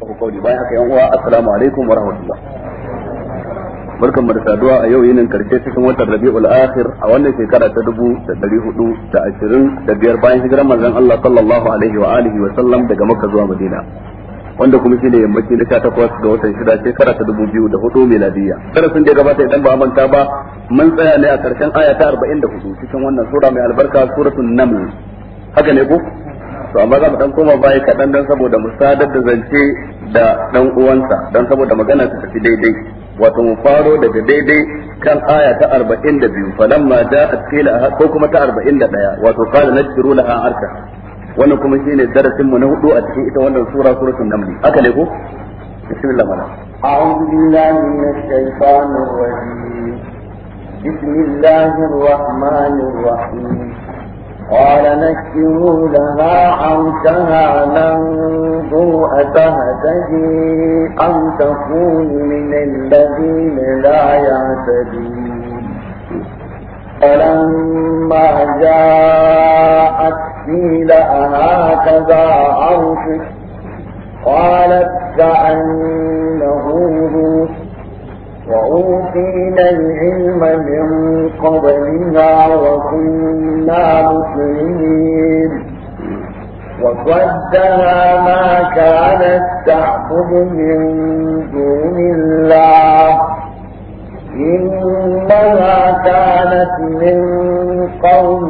ku kauri bayan haka yan uwa assalamu alaikum wa rahmatullah barkan mu da saduwa a yau yinin karshe cikin watan Rabiul Akhir a wannan shekara ta 1425 bayan hijirar manzon Allah sallallahu alaihi wa alihi wa sallam daga Makka zuwa Madina wanda kuma shine yammaci na 18 ga watan shekara ta miladiyya gabata idan ba manta ba mun tsaya ne a karshen aya ta 44 cikin wannan sura mai albarka suratul naml haka ne ko to amma za mu dan koma baya kaɗan dan saboda mu sadar da zance da dan uwansa dan saboda magana ta tafi daidai wato mu faro daga daidai kan aya ta 42 falamma ja'at qila ko kuma ta 41 wato qala nadkiru laha arka wannan kuma shine darasin mu na hudu a cikin ita wannan sura suratul naml aka ne ko bismillah mala a'udhu billahi minash shaitanir rajim bismillahir rahmanir rahim قال نكروا لها عرشها ننظر أتهتدي أم تكون من الذين لا يعتدون فلما جاءت قيل أهكذا عرشك قالت كأنه هو وأوتينا العلم من قبلنا وكنا مسلمين وصدها ما كانت تعبد من دون الله إنها كانت من قوم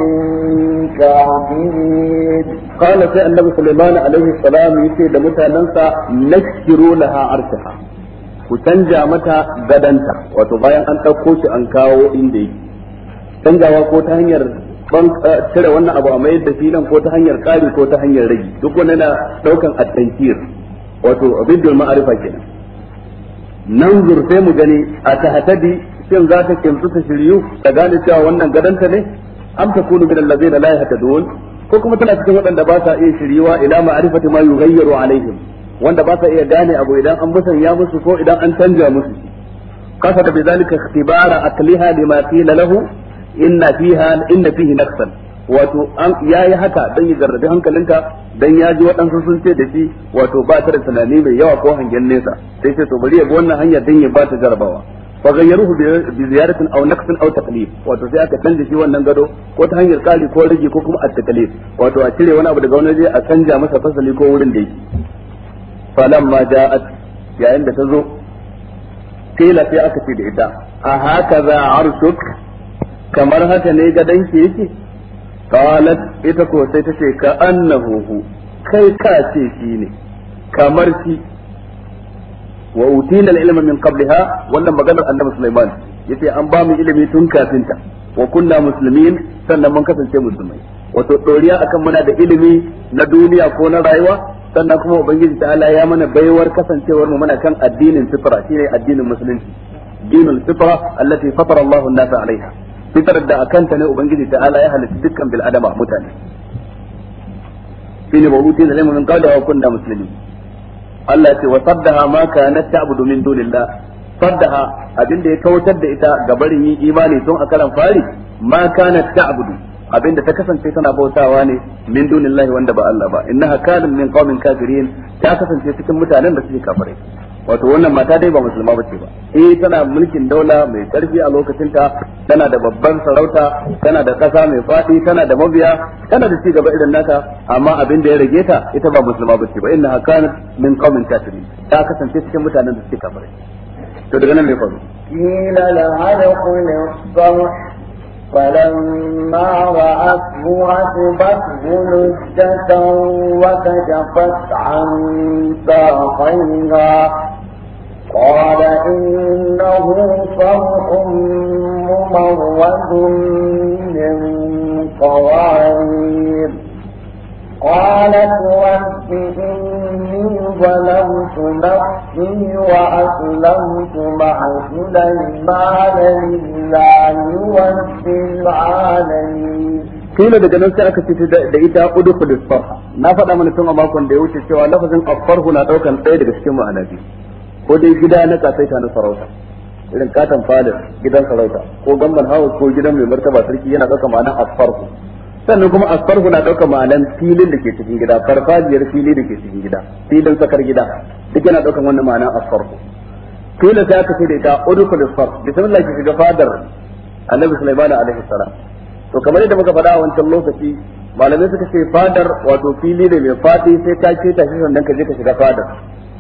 كافرين قال سيدنا سليمان عليه السلام يسير لمتى ننسى نكسروا لها عرشها ku canja mata gadanta wato bayan an ɗauko shi an kawo inda yake canjawa ko ta hanyar ban eh, cire wannan abu a mayar da filan ko ta hanyar ƙari ko ta hanyar rage duk wani na ɗaukan at-tankir wato abidul ma'arifa kenan nan zurfe mu gani a tahtadi shin za ta kimsu ta shiryu ta gane cewa wannan gadanta ne am takunu min allazina la yahtadun ko kuma tana cikin waɗanda ba sa iya shiryuwa ila ma'rifati ma yughayyiru alaihim wanda ba sa iya gane abu idan an musanya musu ko idan an canja musu kasa da bizalika ikhtibara aqliha lima qila lahu inna fiha inna fihi naqsan wato an yayi haka dan ya garrabi hankalinka dan ya ji waɗansu sun ce da shi wato ba ta da tunani mai yawa ko hangen nesa sai sai to bari ya bi wannan hanya dan ya ba ta jarabawa fa gayyaruhu bi ziyaratin aw naqsin aw taqlif wato sai aka canza shi wannan gado ko ta hanyar kali ko rage ko kuma at-taklif wato a cire wani abu daga wani waje a canja masa fasali ko wurin da yake falamma ja'at yayin da ta zo kila aka ce da ita a haka za arshuk kamar haka ne gadon ki yake qalat ita ko sai ta ce ka annahu kai ka ce shi ne kamar shi wa utina al-ilma min qablha wannan maganar annabi Sulaiman yace an bamu ilimi tun kafinta. ta wa kunna muslimin sannan mun kasance musulmai wato ɗoriya akan muna da ilimi na duniya ko na rayuwa sannan kuma ubangiji ala ya mana baiwar kasancewar mu muna kan addinin fitra shine addinin musulunci dinul fitra allati fatara Allahu an-nasa alaiha Fitar da akanta ne ubangiji ala ya halitta dukkan bil adama mutane shine bawuti da lamun kada wa kunna muslimin Allah ce wa saddaha ma kanat ta'budu min dunillah saddaha abinda ya kautar da ita ga barin yin imani tun a karan fari ma kanat ta'budu abinda ta kasance tana bautawa ne min dunillahi wanda ba Allah ba innaha kanat min qaumin kafirin ta kasance cikin mutanen da suke kafirai wato wannan mata dai ba musulma bace ba eh tana mulkin daula mai karfi a lokacin ta tana da babban sarauta tana da kasa mai fadi tana da mabiya tana da ci gaba irin naka amma abin da ya rage ta ita ba musulma bace ba innaha kanat min qaumin kafirin ta kasance cikin mutanen da suke kafirai to daga nan ne faru قيل لها ادخل فلما رأته عصبته لجة وكشفت عن ساقيها قال إنه صرح ممرد من قوارير قالت رب إني ظلمت نفسي وأسلمت مع سليمان لله رب العالمين kila daga nan sai aka ce da ita kudu farha na faɗa mana tun a makon da ya wuce cewa lafazin afarhu na daukan ɗaya daga cikin ma'ana biyu ko dai gida na kasaita na sarauta irin katon fadar gidan sarauta ko gamban hawa ko gidan mai martaba sarki yana ɗauka ma'anar afarhu sannan kuma asfarhu na ɗaukar ma'anan filin da ke cikin gida farfajiyar fili da ke cikin gida filin tsakar gida duk yana ɗaukar wannan ma'anan asfarhu filin ta aka da ita udkhul asfar bismillah ki shiga fadar annabi sulaiman alaihi salam to kamar yadda muka faɗa a wancan lokaci malamai suka ce fadar wato fili ne mai faɗi sai ka ce ta shi sannan ka je ka shiga fadar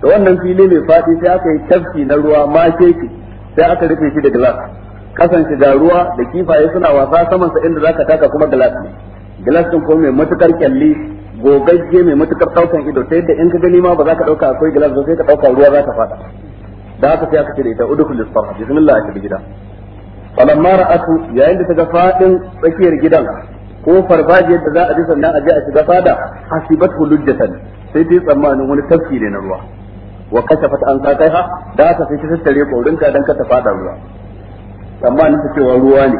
to wannan fili mai faɗi sai aka yi tafki na ruwa ma keke sai aka rufe shi da glass kasan shi da ruwa da kifaye suna wasa saman sa inda zaka taka kuma glass ne glass din ko mai matukar kyalli gogagge mai matukar daukan ido sai da in ka gani ma ba za ka dauka akwai glass ba sai ka dauka ruwa za ka fada da haka sai aka ce da ita udkhul lisfarha bismillah a shiga gida falamma ra'atu yayin da ta ga fadin tsakiyar gidan ko farfajiyar da za a ji sannan a je a shiga fada hasibatu lujjatan sai ta yi tsammanin wani tafki ne na ruwa wa kashafat an ha? da haka sai ta tattare korinta dan ka ta fada ruwa amma an cewa ruwa ne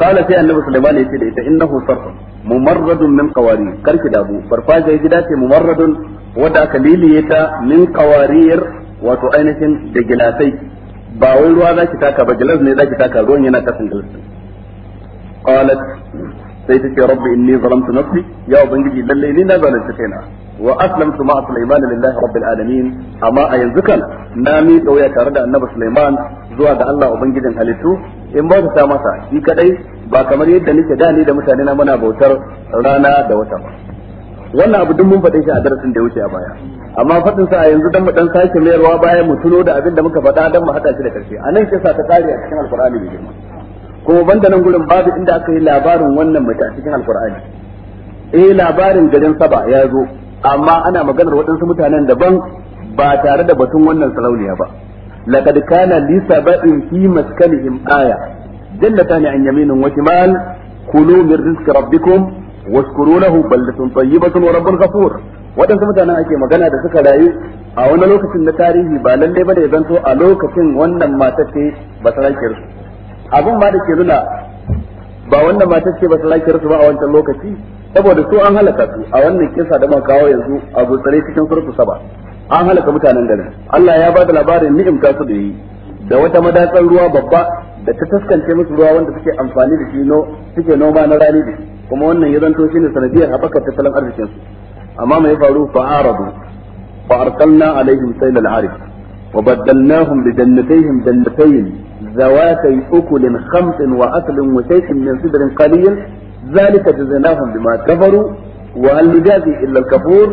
kala sai annabi sulaiman ya ce da ita innahu sarf mumarradun min qawari karki dabu farfajiyar gida ce mumarradun wadda aka liliye ta min qawariyar wato ainihin da gilasai ba wai ruwa za taka ba gilas ne zaki taka ruwan yana kasan gilas qalat sai ta ce rabbi inni zalamtu nafsi ya ubangiji lalle ni na zalunta kaina wa aslamtu ma'a Sulaiman lillahi rabbil alamin amma a yanzu kan na mi kauya tare da annabi Sulaiman zuwa ga Allah ubangijin halittu in ba ta masa shi ba kamar yadda nake da ni da mutane na muna bautar rana da wata wannan abu duk mun faɗe shi a darasin da ya wuce a baya amma faɗin sa a yanzu dan mu dan sake mayarwa bayan mu tuno da abin da muka faɗa dan mu haɗa shi da karshe anan kisa ta kare a cikin alqur'ani mai girma kuma banda nan gurin babu inda aka yi labarin wannan mace a cikin alqur'ani eh labarin garin saba ya zo amma ana maganar waɗansu mutanen daban ba tare da batun wannan sarauniya ba laqad kana li sabain fi maskanihim aya jannatan an yaminin wa shimal kulu min rizqi rabbikum washkuru lahu baldatun tayyibatun wa rabbul ghafur waɗansu mutanen ake magana da suka rayu a wani lokacin na tarihi ba lallai ba da zanto a lokacin wannan matar ce ba sarakiyar su abin ma da ke nuna ba wannan matar ce ba sarakiyar su ba a wancan lokaci saboda su an halaka su a wannan kisa da muka kawo yanzu a gutsare cikin surfu saba an halaka mutanen garin Allah ya bada labarin ni'imta su da yi da wata madatsar ruwa babba da ta taskance musu ruwa wanda suke amfani da shi no suke noma na rani da kuma wannan ya zanto shine sanadiyar haɓakar tattalin arzikin su amma mai faru fa aradu fa arsalna alaihim sayl al-arif wa baddalnahum bi jannatayhim jannatayn ذواتي wa خمط وأكل وشيء من صدر قليل zalika jazainahum bima kafaru wa hal nujazi illa al-kafur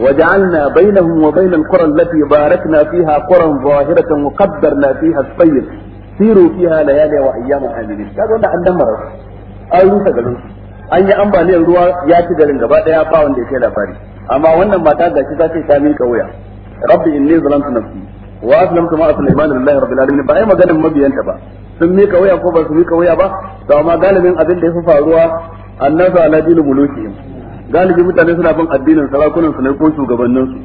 وجعلنا بينهم وبين القرى التي باركنا فيها قرى ظاهرة وقدرنا فيها الطير سيروا فيها ليالي وأياما آمنين كذا وانا مرة أو يتقلون an yi ambaliyar ruwa ya ci garin gaba daya ba wanda yake labari amma wannan mata gashi ta ce ta minka wuya rabbi inni zalamtu nafsi wa aslamtu ma sulaiman lillahi rabbil alamin ba ai maganar mabiyanta ba sun mika wuya ko ba su mika wuya ba to galibin abin da ya fi faruwa annasu ala dinu mulukihim galibi mutane suna bin addinin sarakunan su ne ko shugabannin su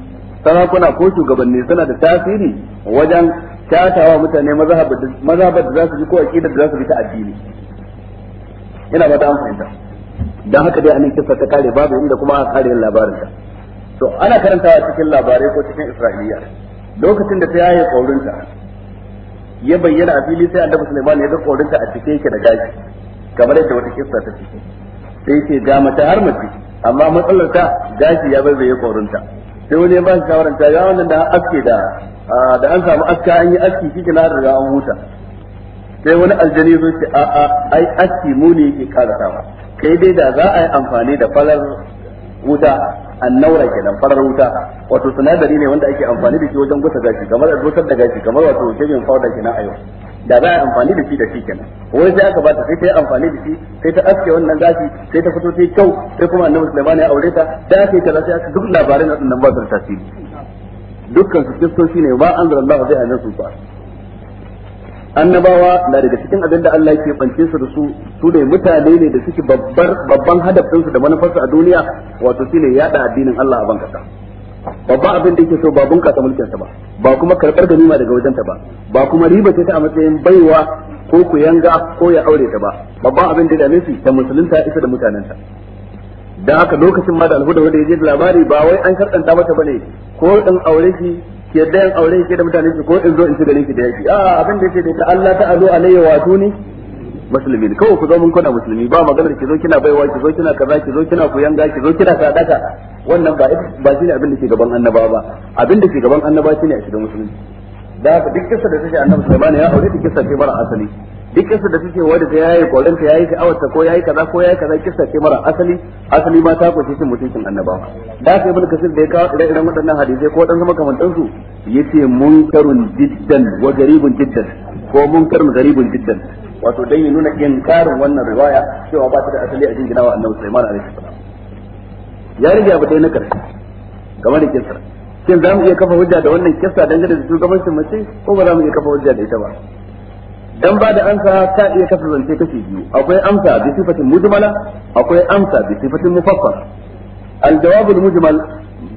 sarakuna ko shugabanni suna da tasiri wajen shatawa mutane mazhabar da za su ji ko aqidar da za su bi ta addini ina ba ta an fahimta dan haka dai anan kissa ta kare babu inda kuma aka kare labarin ta to ana karantawa cikin labarai ko cikin isra'iliya lokacin da ta yaye kaurinta ya bayyana a fili sai annabi Sulaiman ya ga kaurinta a cike yake da gashi kamar yadda wata kissa ta cike sai ce ga mata har mace amma matsalar ta gashi ya bai bai korinta sai wani ya ba shi shawaran ta ga wannan da aske da da an samu aska an yi aski shi na riga an huta sai wani aljani zo ce a a ai aski mu ne yake karatawa kai dai da za a yi amfani da falar wuta annaura kenan farar wuta wato sinadari ne wanda ake amfani da shi wajen gusa gashi kamar a da gashi kamar wato shirin powder kenan a yau da za a amfani da shi da shi kenan wai sai aka bata sai ta yi amfani da shi sai ta aske wannan zafi sai ta fito sai kyau sai kuma annabi Sulaiman ya aure ta da aka yi ta sai aka duk labarin nan ba su da tasiri dukkan su kistoci ne ba an Allah zai hannun su ba annabawa na daga cikin abin da Allah yake bance su da su su ne mutane ne da suke babbar babban hadafinsu da manufarsu a duniya wato shine yada addinin Allah a ban kasa babban abin da yake so ba bunƙasa mulkin ba ba kuma karɓar ganima daga wajen ta ba ba kuma riba ce ta a matsayin baiwa ko ku yanga ko ya aure ta ba babban abin da dame su ta musulunta ita da mutanenta dan haka lokacin ma da alhuda wanda ya je labari ba wai an karɗanta mata bane ko in aure shi ke da yan aure shi da mutanen ko in zo in ci garin da yaki a abin da yake da Allah ta'alu alayya wa tuni musulmin kawai ku zo mun kuna musulmi ba maganar ki zo kina baiwa ki zo kina kaza ki zo kina kuyanga ki zo kina sadaka wannan ba ba shine abin da ke gaban annaba ba abin da ke gaban annaba shine a shiga musulmi da haka duk kissa da take annabi Sulaiman ya aure ta kissa ce mara asali duk kissa da take wanda ta yayi koren ta yayi sha'awar ta ko yayi kaza ko yayi kaza kissa ce mara asali asali ma ta kwace cin mutuncin annabawa da haka ibn kasir da ya kawo ire iren waɗannan hadisai ko dan makamantan su yace munkarun jiddan wa garibun jiddan ko munkarun garibun jiddan wato dan ya nuna inkarin wannan riwaya cewa ba ta da asali a jingina wa annabi Sulaiman alaihi salam ya rige abu dai na karshe game da kisa shin za mu iya kafa hujja da wannan kissa dangane da shugabancin mace ko ba za mu iya kafa hujja da ita ba dan ba da amsa ta iya kafa zance kashi biyu akwai amsa bi sifatin mujmala akwai amsa bi sifatin mufassal al-jawab al-mujmal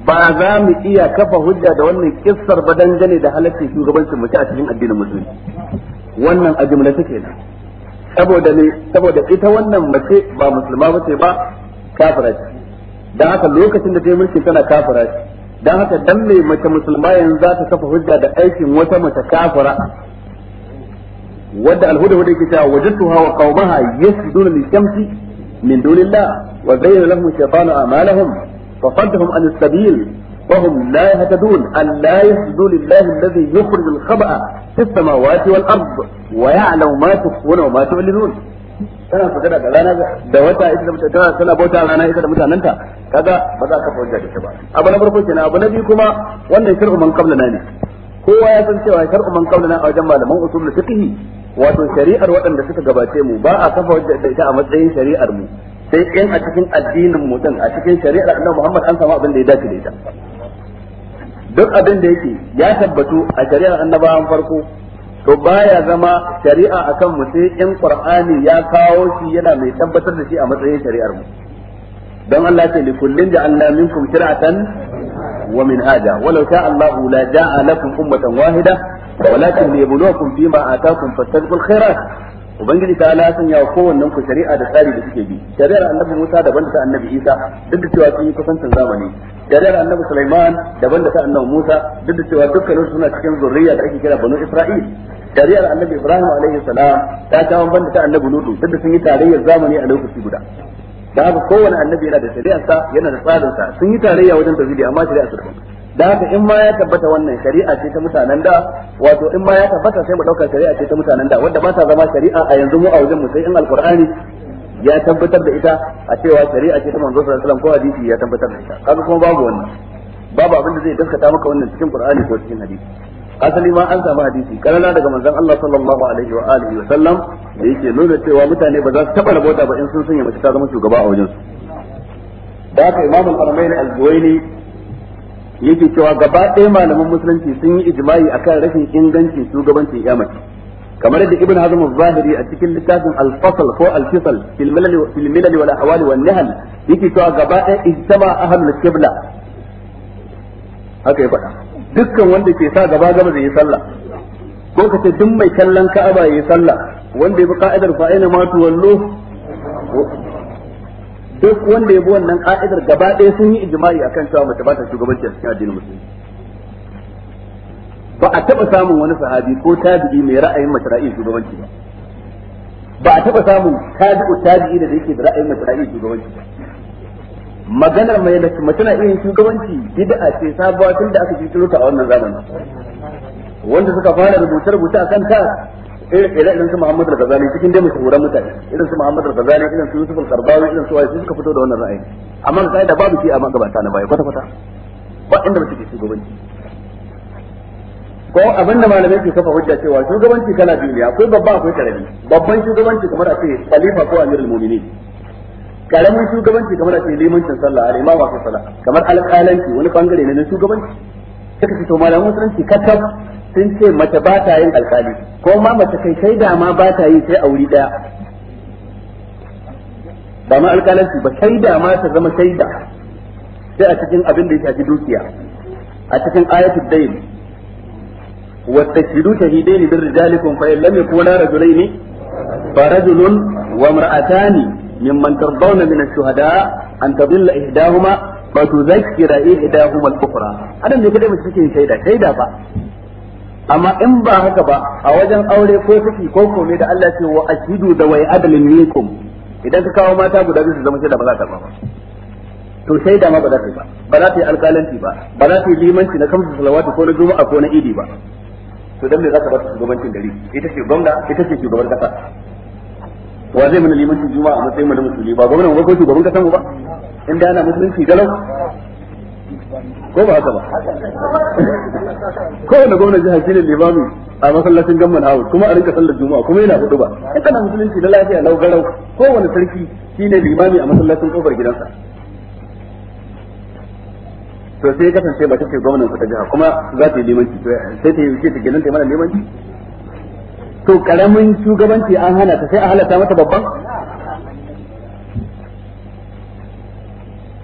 ba za mu iya kafa hujja da wannan kissar ba dangane da halaccin shugabancin mace a cikin addinin musulmi wannan a jumla take nan saboda ne saboda ita wannan mace ba musulma ba ce ba kafira ce dan haka lokacin da ta yi mulki tana kafira ce dan haka dan mai mace musulma yanzu za ta kafa hujja da aikin wata mace kafira wadda alhuda-huda yake cewa wajadtuha wa qaumaha yasjuduna lishamsi min dunillah wa zayyana lahum shaytanu a'malahum fa saddahum an as-sabil وهم لا يهتدون ألا يسجدوا لله الذي يخرج الخبأ في السماوات والأرض ويعلم ما تخفون وما تعلنون tana su da rana da wata ita da mutane tana bauta rana ita da mutanenta kaga ba za ka fahimta da ita ba abu na farko kenan abu na biyu kuma wannan shar'u man na ne kowa ya san cewa shar'u man na a wajen malaman usul fiqh wato shari'ar waɗanda suka gabace mu ba a kafa da ita a matsayin shari'ar mu sai in a cikin addinin mutum a cikin shari'ar Annabi Muhammad an samu abin da ya dace da ita duk abin da yake ya tabbatu a shari'ar annabawan farko to baya zama shari'a akan mu sai in qur'ani ya kawo shi yana mai tabbatar da shi a matsayin shari'ar mu don Allah ce li kullin ja'alna minkum shir'atan wa minhaja walau sha Allah la ja'a ummatan wahida walakin liyabluwakum fima ataakum fastabiqul khairat ubangiji ta ala sanya wa kowannen ku shari'a da tsari da suke bi shari'ar annabi Musa daban da ta annabi Isa duk da cewa sun yi kusancin zamani dalar annabi Sulaiman daban da ta annabi Musa duk da cewa dukkanin suna cikin zurriya da ake kira banu Isra'il dariyar annabi Ibrahim alaihi salam ta kawo ban da ta annabi Lutu duk da sun yi tarayyar zamani a lokaci guda da haka kowane annabi yana da shari'arsa yana da tsarinsa sun yi tarayya wajen tauhidi amma shari'a shari'arsa daban da haka in ma ya tabbata wannan shari'a ce ta mutanen da wato in ma ya tabbata sai mu dauka shari'a ce ta mutanen da wanda ba ta zama shari'a a yanzu mu a wajen mu sai in alqur'ani ya tabbatar da ita a cewa shari'a ce ta manzo sallallahu alaihi wasallam ko hadisi ya tabbatar da ita kaga kuma babu wannan babu abin da zai daskata maka wannan cikin qur'ani ko cikin hadisi asali ma an samu hadisi karala daga manzon Allah sallallahu alaihi wa alihi wa sallam da yake nuna cewa mutane ba za su taba rabota ba in sun sanya mace ta zama shugaba a wajen su da haka imam al-haramain al-zuwaini yake cewa gaba ɗaya malaman musulunci sun yi ijma'i akan rashin ingancin shugabancin ya mace kamar yadda ibn hazm az-zahiri a cikin littafin al-fasl ko al-fisl fil milal fil milal wal ahwal wan nihal yake cewa gaba ɗaya ijtama ahlul qibla haka ya faɗa dukkan wanda ke sa gaba gaba zai yi sallah ko ka ce duk mai kallon ka'aba ya yi sallah wanda ya bi ka'idar fa aina ma tuwallu duk wanda ya bi wannan ka'idar gaba ɗaya sun yi ijma'i akan cewa mace ba ta shugabanci a cikin addinin musulmi ba a taba samun wani sahabi ko tabi'i mai ra'ayin mashra'i shugabanci ba ba a taba samun tabi'u tabi'i da yake da ra'ayin mashra'i shugabanci ba maganar mai da mace na irin shugabanci bid'a ce sabuwa tun da aka ji ta a wannan zamanin wanda suka fara rubuce rubuce akan ta irin irin su Muhammad al-Ghazali cikin dai mashahuran mutane irin su Muhammad al-Ghazali irin su Yusuf al-Qardawi irin su wasu suka fito da wannan ra'ayi amma da babu shi a magabata na baya kwata kwata ba inda mutum ke shugabanci ko abinda malamai ke kafa hujja cewa shugabanci kala biyu ne akwai babba akwai karami babban shugabanci kamar a ce khalifa ko amirul mu'minin karamin shugabanci kamar a ce limancin sallah a imama ko sallah kamar alƙalanci wani bangare ne na shugabanci suka ce to malaman musulunci katab sun ce mace ba ta yin alƙali ko ma mace kai kai da ma ba ta yi sai a wuri daya ba ma alƙalanci ba kai da ma ta zama da, sai a cikin abin da ya shafi dukiya a cikin ayatul dayn واستشهدوا شهيدين من رجالكم فإن لم يكونا رجلين فرجل وامرأتان ممن ترضون من الشهداء أن تضل إحداهما فتذكر إحداهما الأخرى أنا من كده مش cikin shaida shaida ba amma in ba haka ba a wajen aure ko saki ko kome da Allah ce wa ashidu da wai adalin minkum idan ka kawo mata guda biyu su zama ba za ta ba ma ba ba za ta yi alƙalanci ba ba za ta yi limanci na kamsu salawatu ko na juma'a ko na idi ba to dan me zaka ba su shugabancin gari ita ce gwamna ita ce shugaban kasa wa zai mana limanci juma'a a matsayin mana musulmi ba gwamnan ba ko shugaban kasa mu ba inda ana musulunci galau ko ba haka ba ko wanda gwamnan jihar shine limami a masallacin gamman hawa kuma a rinka sallar juma'a kuma yana hudu ba ita na musulunci na lafiya lau garau ko wani sarki shine limami a masallacin kofar gidansa to sai kasance ba ta ce gwamnan ku ta jiha kuma za ta yi ci to sai ta yi ce ta gidan ta mana ci to karamin shugabanci an hana ta sai a halata mata babban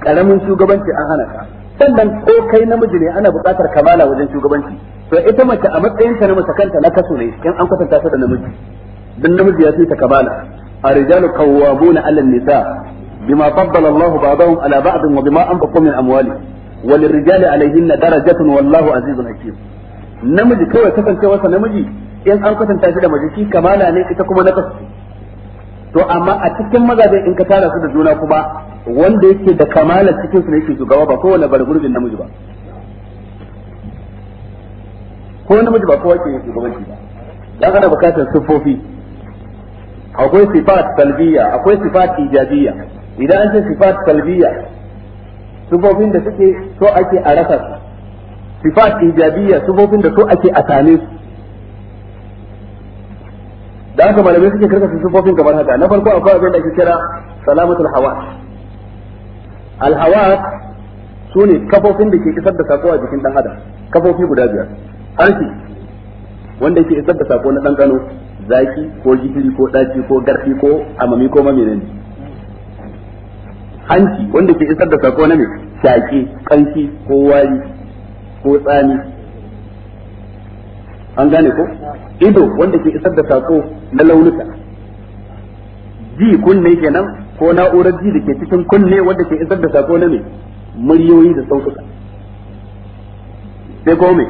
karamin shugabanci an hana ta sannan ko kai namiji ne ana buƙatar kamala wajen shugabanci to ita mace a matsayin ta na mace kanta na kaso ne in an kwatanta ta da namiji dan namiji ya fi ta kamala الرجال قوامون على النساء بما فضل الله بعضهم على بعض وبما أنفقوا من أموالهم walil rijali alaihinna darajatun wallahu azizun hakim namiji kawai kasancewarsa namiji in an kwatanta shi da mace shi kamala ne ita kuma nakas to amma a cikin mazajen in ka tara su da juna kuma wanda yake da kamala cikin su ne yake shugaba ba kowane bargurbin namiji ba ko namiji ba kowa ke shugabanci ba dan ana bukatar siffofi akwai sifat salbiya akwai sifat idan an ce sifat salbiya sufofin da suke so ake a rasa su sifat ijabiyya sufofin da so ake a same su da haka malamai suke karkasa sufofin kamar haka na farko akwai abin da ake kira salamatul al alhawa su ne kafofin da ke isar da sako a jikin dan adam kafofi guda biyar harshe wanda ke isar da sako na dan kano zaki ko jikiri ko daki ko garfi ko amami ko maminin hanci wanda ke isar da sako na mai shaƙi ƙanshi ko wari ko tsani an gane ko ido wanda ke isar da sako na launuka ji kunne kenan ko na'urar ji da ke cikin kunne wanda ke isar da sako na mai muryoyi da sautuka sai kome me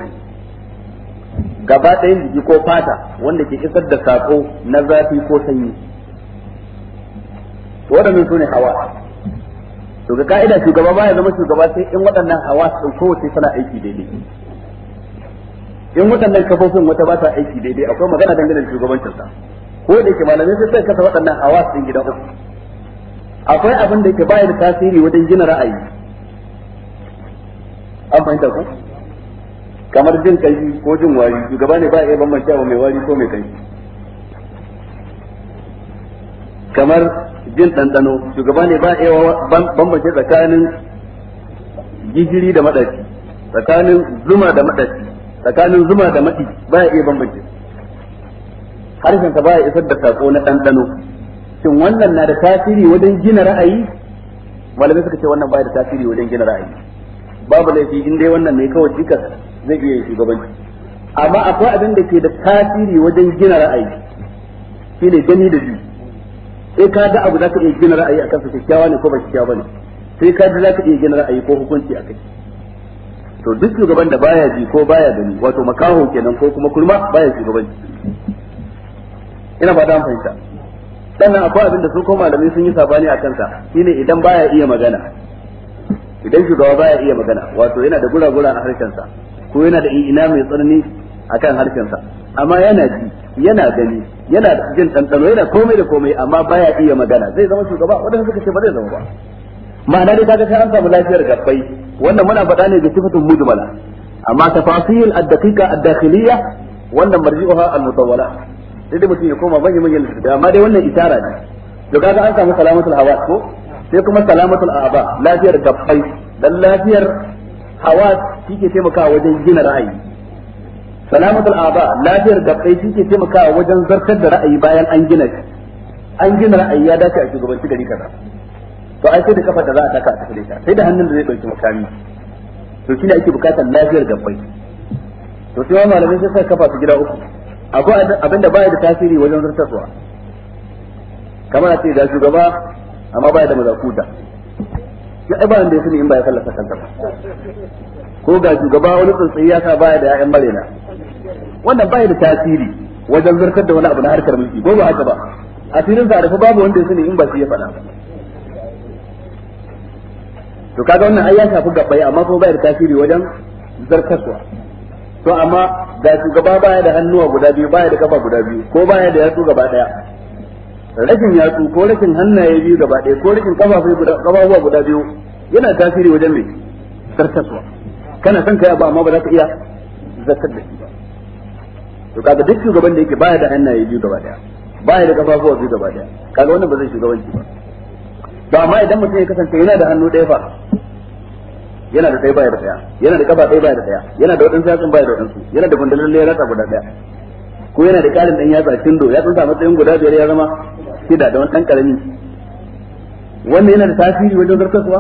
gaba ɗayan jiki ko fata wanda ke isar da sako na zafi ko sanyi waɗannan su ne hawa to ga ka'ida shugaba ba ya zama shugaba sai in waɗannan hawa sun kowace suna aiki daidai in waɗannan kafofin wata ba ta aiki daidai akwai magana dangane da shugabancinsa ko da yake malamai sai kasa waɗannan hawa sun gida uku akwai abin da yake bayar tasiri wajen gina ra'ayi an fahimta ku kamar jin kai ko jin wari shugaba ne ba ya bambanta wa mai wari ko mai kai kamar jin ɗanɗano shugaba ne ba yawa bambance tsakanin gishiri da maɗaci tsakanin zuma da maɗaci tsakanin zuma da maɗi ba ya iya bambance harshen ka ba ya isar da saƙo na ɗanɗano shin wannan na da tasiri wajen gina ra'ayi malamai suka ce wannan ba da tasiri wajen gina ra'ayi babu laifi in dai wannan ne kawai jikas zai iya shugabanci amma akwai abin da ke da tasiri wajen gina ra'ayi shine gani da biyu sai ka da abu zaka iya gina ra'ayi a kansa kyakkyawa ne ko ba kyakkyawa ne sai ka da zaka iya gina ra'ayi ko hukunci a kai to duk shugaban da baya ji ko baya gani wato makaho kenan ko kuma kulma baya shugaban. ina ba da fahimta sannan akwai abin da su ko malamai sun yi sabani a kansa shine idan baya iya magana idan shugaba baya iya magana wato yana da gura-gura a harshensa ko yana da ina mai tsanani a akan harshensa amma yana ji yana gani yana jin ɗanɗano yana komai da komai amma baya iya magana zai zama shugaba wadanda suka ce ba zai zama ba ma'ana dai kaga sai an samu lafiyar gabbai wannan muna faɗa ne da sifatun mujmala amma tafasil ad-daqiqa ad-dakhiliya wannan marji'uha al-mutawwala sai dai mutum ya koma manyan manyan da amma dai wannan itara ne to kaga an samu salamatul hawa ko sai kuma salamatul a'ba lafiyar gabbai dan lafiyar hawa shi ke taimakawa wajen gina ra'ayi salamatul aba lafiyar gabbai shi ke taimakawa wajen zartar da ra'ayi bayan an gina shi an gina ra'ayi ya dace a shugabanci gari kaza to ai sai da kafa da za a taka a tafi sai da hannun da zai dauki makami to shi ne ake bukatar lafiyar gabbai to sai malamai sai suka kafa su gida uku akwai abin da baya da tasiri wajen zartarwa kamar a ce da shugaba amma baya da mazakuta ya ai ba wanda ya sani in ba ya fallasa kanta ko ga shugaba wani tsuntsayi ya sa baya da ya'yan marena wannan ba da tasiri wajen zartar da wani abu na harkar mulki ko ba haka ba A asirin sa da babu wanda ya sani in ba shi ya faɗa to kaga wannan ayyan ya shafi gabbai amma kuma ba da tasiri wajen zartaswa to amma da shugaba baya da hannuwa guda biyu baya da kafa guda biyu ko baya da yatsu gaba daya rashin yatsu ko rashin hannaye biyu gaba daya ko rashin kafafu guda kafafuwa guda biyu yana tasiri wajen mai zartaswa kana son kai abu amma ba za ka iya zartar da shi ba to kaga duk shugaban da yake baya da hannaye biyu gaba daya baya da kafafuwa biyu gaba daya kaga wannan ba zai shugabanci ba to amma idan mutum ya kasance yana da hannu daya fa yana da ɗaya baya da daya yana da kafa ɗaya baya da daya yana da wadansu yatsun baya da wadansu yana da ne ya ratsa guda daya ko yana da ƙarin dan yatsa kindo ya tsunta matsayin guda biyar ya zama shida da wani dan karami wannan yana da tasiri wajen zartaswa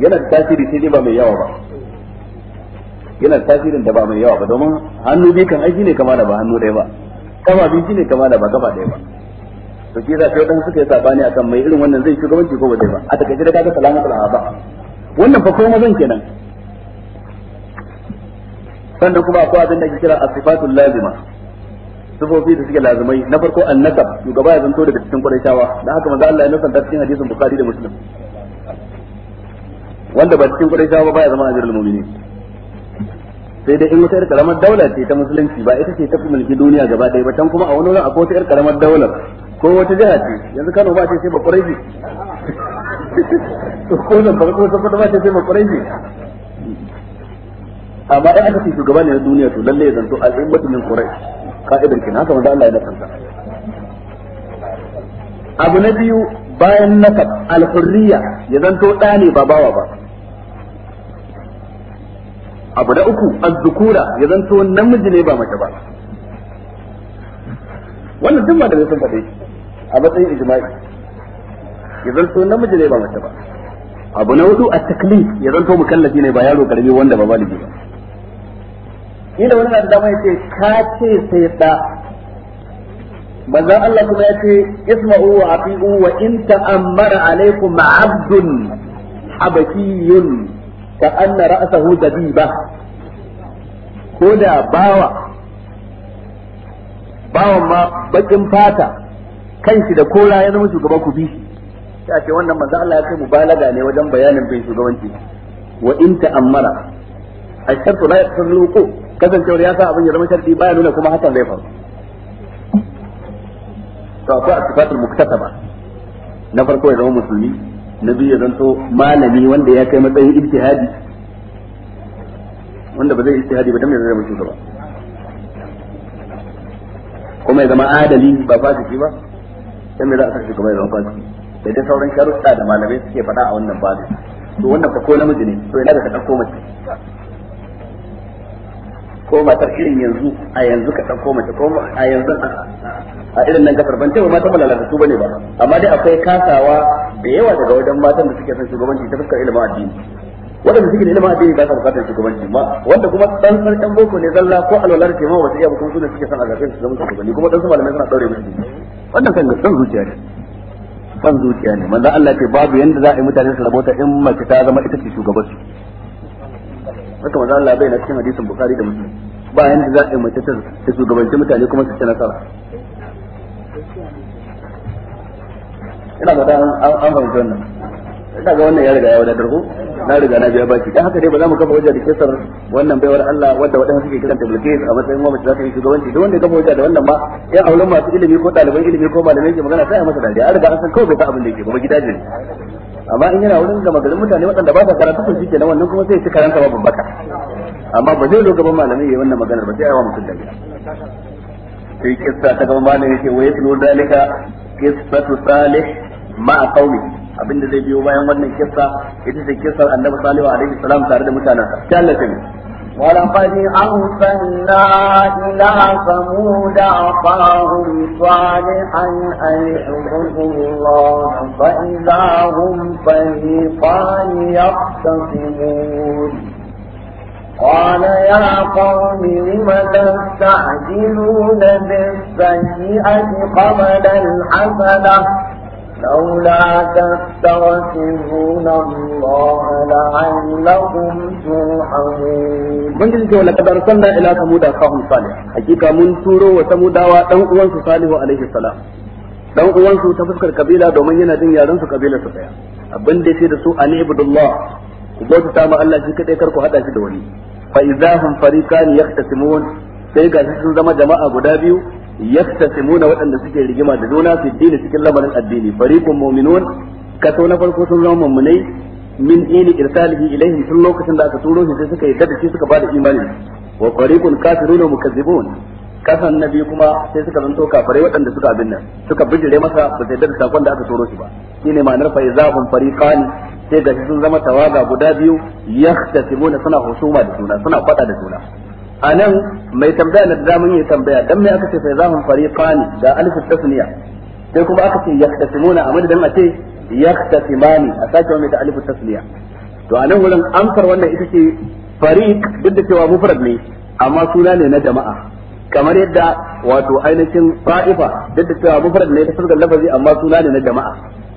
yana da tasiri sai dai ba mai yawa ba yana tasirin da ba mai yawa ba domin hannu biyu kan aiki ne kama da ba hannu ɗaya ba kafa biyu ne kama da ba kafa ɗaya ba to shi yasa sai dan suka yi sabani akan mai irin wannan zai shugabanci ko ba zai ba a takaice da kaga salamatul ba wannan fa ko mazan kenan sannan kuma akwai abin da ake kira asifatul lazima sifofi da suke lazimai na farko annasab shugaba ya zanto daga cikin qurayshawa da haka manzo Allah ya da cikin hadisin bukhari da muslim wanda ba cikin qurayshawa ba ya zama ajrul mu'minin sai dai in wata yar karamar daular ce ta musulunci ba ita ce ta mulki duniya gaba ɗaya ba can kuma a wani wurin akwai wata yar karamar daular ko wata jiha ce yanzu Kano ba ce sai ba Quraishi to ko nan ba ko tabbata ba ce sai ba Quraishi amma ɗan aka ce shugaba ne na duniya to lallai ya zanto al'immatu min kurai ka'idar kina haka manzo Allah ya nasanta abu na biyu bayan nasab al-hurriya ya zanto ɗa ne ba bawa ba abu da uku azzukura ya zanto namiji ne ba mace ba wannan duk da sun faɗe a matsayin ijma'i ya zanto namiji ne ba mace ba abu na hudu a taklif ya zanto mukallafi ne ba yaro karbi wanda ba baligi ba ila wani da dama ce ka ce sai da manzon Allah kuma yace isma'u wa atiu wa in ta'ammara alaikum 'abdun Abakiyun. ka anna ra'sahu dabiba ko da bawa bawan ma bakin fata kanshi da kora ya zama shugaba ku bi shi ce wannan manzo Allah ya kai mubalaga ne wajen bayanin bin shugabanci wa in ta'ammara ashartu la yaqtulu qu kasancewar ya sa abin ya zama sharti baya nuna kuma hakan zai faru to akwai sifatul muktasaba na farko ya zama musulmi na biyu ya zanto malami wanda ya kai matsayin ijtihadi wanda ba zai ijtihadi ba dan ya zai shugaba kuma ya zama adali ba fasiki ba dan ya zama shugaba ya zama fasiki da sauran sharuɗa da malamai suke faɗa a wannan babu to wannan fa ko namiji ne to ina da ka ɗauko mace ko matar irin yanzu a yanzu ka ɗauko mace ko a yanzu a irin nan kasar ban cewa mata ba lalatattu bane ba amma dai akwai kasawa da yawa daga wajen matan da suke son shugabanci ta fuskar ilimin addini wanda suke da ilimin addini ba sa bukatar shugabanci ma wanda kuma dan sarkan boko ne zalla ko alwalar ke ma ba su iya ba kuma su ne suke son a zaɓe su zama shugabanni kuma dan su malamai suna daure musu wannan kan ga san zuciya ne san zuciya ne manzo Allah ce babu yanda za a yi mutane su rabota in mace ta zama ita ce shugabanci haka manzo Allah bai na cikin hadisin Bukhari da Muslim ba yanda za a yi mace ta shugabanci mutane kuma su ci nasara ina ga dan an fahimci wannan ina ga wannan ya riga ya wadatar ko na riga na biya baki dan haka dai ba za mu kafa wajen da kisar wannan baiwar Allah wanda wadanda suke kiranta Bilqis a matsayin mu mace za ta yi shugabanci duk wanda ya kafa wajen da wannan ba ya auren masu ilimi ko ɗaliban ilimi ko malamai ke magana sai a masa dariya an riga an san kawai bai ta abin da yake ba gidaje ne amma in yana wurin gama garin mutane waɗanda ba sa karatu sun shike kenan wannan kuma sai su karanta babu baka amma ba zai zo gaban malamai yayi wannan maganar ba sai a yi wa mutum dariya sai kissa ta gaba malam yace wa yaslu dalika qissatu salih ma qaumi abinda zai biyo bayan wannan kissa ita ce kissar annabi salihu alaihi salam tare da mutanansa sai Allah ta ولقد أرسلنا إلى ثمود أخاهم صالحا أن اعبدوا الله فإذا هم فريقان يختصمون قال يا قوم لم تستعجلون بالسيئة قبل الحسنة لولا تستغفرون الله لعلكم ترحمون من جل جل لقد أرسلنا إلى ثمود أخاهم صالح حقيقة من سورو وثمود وأنقوا أوان صالح عليه السلام dan uwansu ta fuskar kabila domin yana jin yaran su kabila su daya abin da yake da su ani ibdullah ku bauta ma Allah shi kadai kar ku hada shi da wani fa idahum fariqan yaqtasimun sai ga sun zama jama'a guda biyu yaqtasimuna waɗanda suke rigima da juna fi dini cikin lamarin addini fariqun mu'minun kaso na farko sun zama mu'minai min ini irsalihi ilaihim tun lokacin da aka turo shi sai suka yi da shi suka bada imani wa fariqun kafiruna mukazzibun kasan na biyu kuma sai suka zanto kafirai waɗanda suka abin nan suka bijire masa ba sai da sakon da aka turo shi ba shine ma'anar fa izahum fariqan sai ga sun zama tawaga guda biyu yahtasimuna suna husuma da juna suna fada da juna anan mai tambaya na zamun yi tambaya dan me aka ce fa izahum fariqan da alif tasniya sai kuma aka ce yahtasimuna a madadin a ce yahtasimani a sake wani da alif tasniya to anan wurin amsar wannan ita ce fariq duk da cewa mufrad ne amma suna ne na jama'a kamar yadda wato ainihin fa'ifa duk da cewa mufrad ne ta fuskar lafazi amma suna ne na jama'a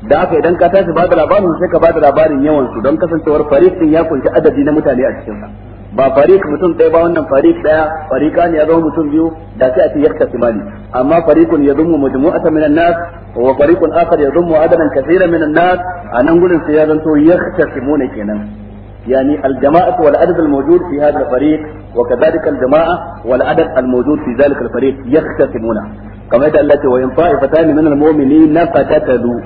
da haka idan ka tashi ba da labarin sai ka ba da labarin yawan su don kasancewar fariq din ya kunshi adadi na mutane a cikin sa ba fariq mutum ɗaya ba wannan fariq ɗaya fariqa ne ya zama mutum biyu da sai a ce yaktasimani amma fariqun yadhummu majmu'atan minan nas wa fariqun akhar yadhummu adadan kaseeran minan nas anan gurin sai ya zanto yaktasimuna kenan يعني الجماعة والعدد الموجود في هذا الفريق وكذلك الجماعة والعدد الموجود في ذلك الفريق يختصمون كما يقول الله وإن طائفتان من المؤمنين فقتتلوا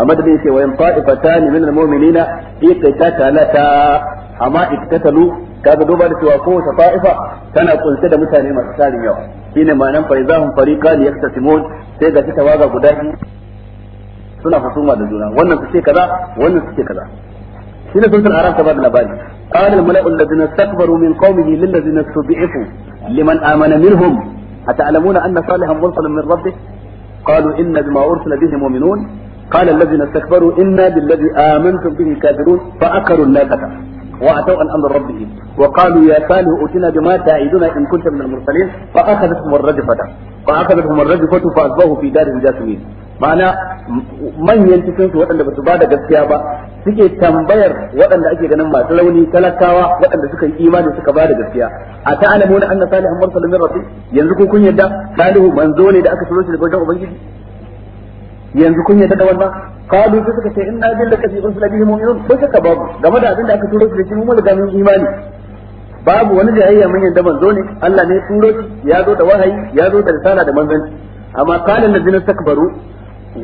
أما تبين وإن طائفتان من المؤمنين اقتتلتا أما اقتتلوا kaga duba da cewa kowace fa'ifa tana kunshe da mutane masu tarin yawa shine ma'anan fa izahum fariqan yaktasimun sai ga tawaga guda biyu suna husuma da juna wannan su ce kaza wannan su ce kaza شنا سلطة الحرام تبادل بالي قال الملأ الذين استكبروا من قومه للذين استضعفوا لمن آمن منهم أتعلمون أن صالحا مرسل من ربه قالوا إن بما أرسل به مؤمنون قال الذين استكبروا إنا بالذي آمنتم به كافرون فأكروا الناقة واتوا عن امر ربهم وقالوا يا صالح اتنا بما تعيدنا ان كنت من المرسلين فاخذتهم الرجفه فاخذتهم الرجفه فاصبحوا في دارهم جاثمين ma'ana manyan cikin su waɗanda basu bada gaskiya ba suke tambayar waɗanda ake ganin masu rauni talakawa waɗanda suka yi imani suka bada gaskiya a ta'alamu na anna salihan mursalin min rabbi yanzu ko kun yadda salihu manzo ne da aka suro shi daga wajen yanzu kun yadda da wannan qalu sai suka ce inna billahi fi ursila bihi mu'minun ko shakka babu game da abin da aka turo su da shi mu riga mun imani babu wani jayayya mun yadda manzo ne Allah ne turo shi ya zo da wahayi ya zo da risala da manzanci amma na ladina takbaru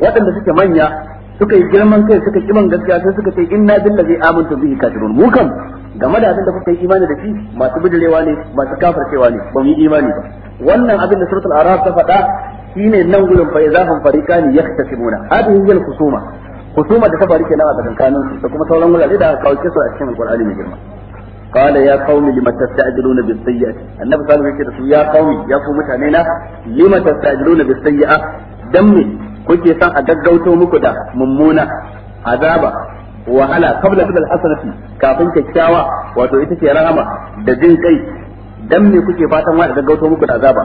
waɗanda suke manya suka yi girman kai suka kiban gaskiya sai suka ce inna billazi amantu bihi kafirun mu kam game da abin da kuka yi imani da shi masu bijirewa ne masu kafircewa ne ba mu yi imani ba wannan abin da suratul araf ta faɗa shine nan gurin fa idahum fariqani yahtasimuna hadhihi hiya al-khusuma khusuma da ta bari kenan a tsakankanin su da kuma sauran wurare da aka kawo kisa a cikin alqur'ani mai girma قال يا قوم لم تستعجلون بالسيئة النبي صلى الله عليه وسلم يا قوم يا قوم متانينا لم تستعجلون بالسيئة دمي kuke san a gaggauto muku da mummuna azaba wahala qabla bil hasanati kafin kyakkyawa wato ita ce rahama da jin kai dan me kuke fatan wa a gaggauto muku da azaba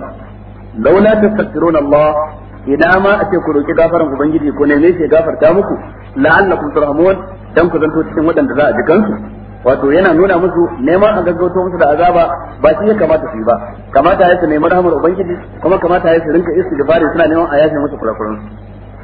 laula tastaghfiruna Allah idan ma a ce ku roki gafaran ubangiji ko ne ne ke gafarta muku la'allakum turhamun dan ku zanto cikin waɗanda za a ji kansu wato yana nuna musu neman a gaggauto musu da azaba ba shi ya kamata su yi ba kamata ya su nemi ubangiji kuma kamata ya su rinka istighfari suna neman a yafe musu kurakuran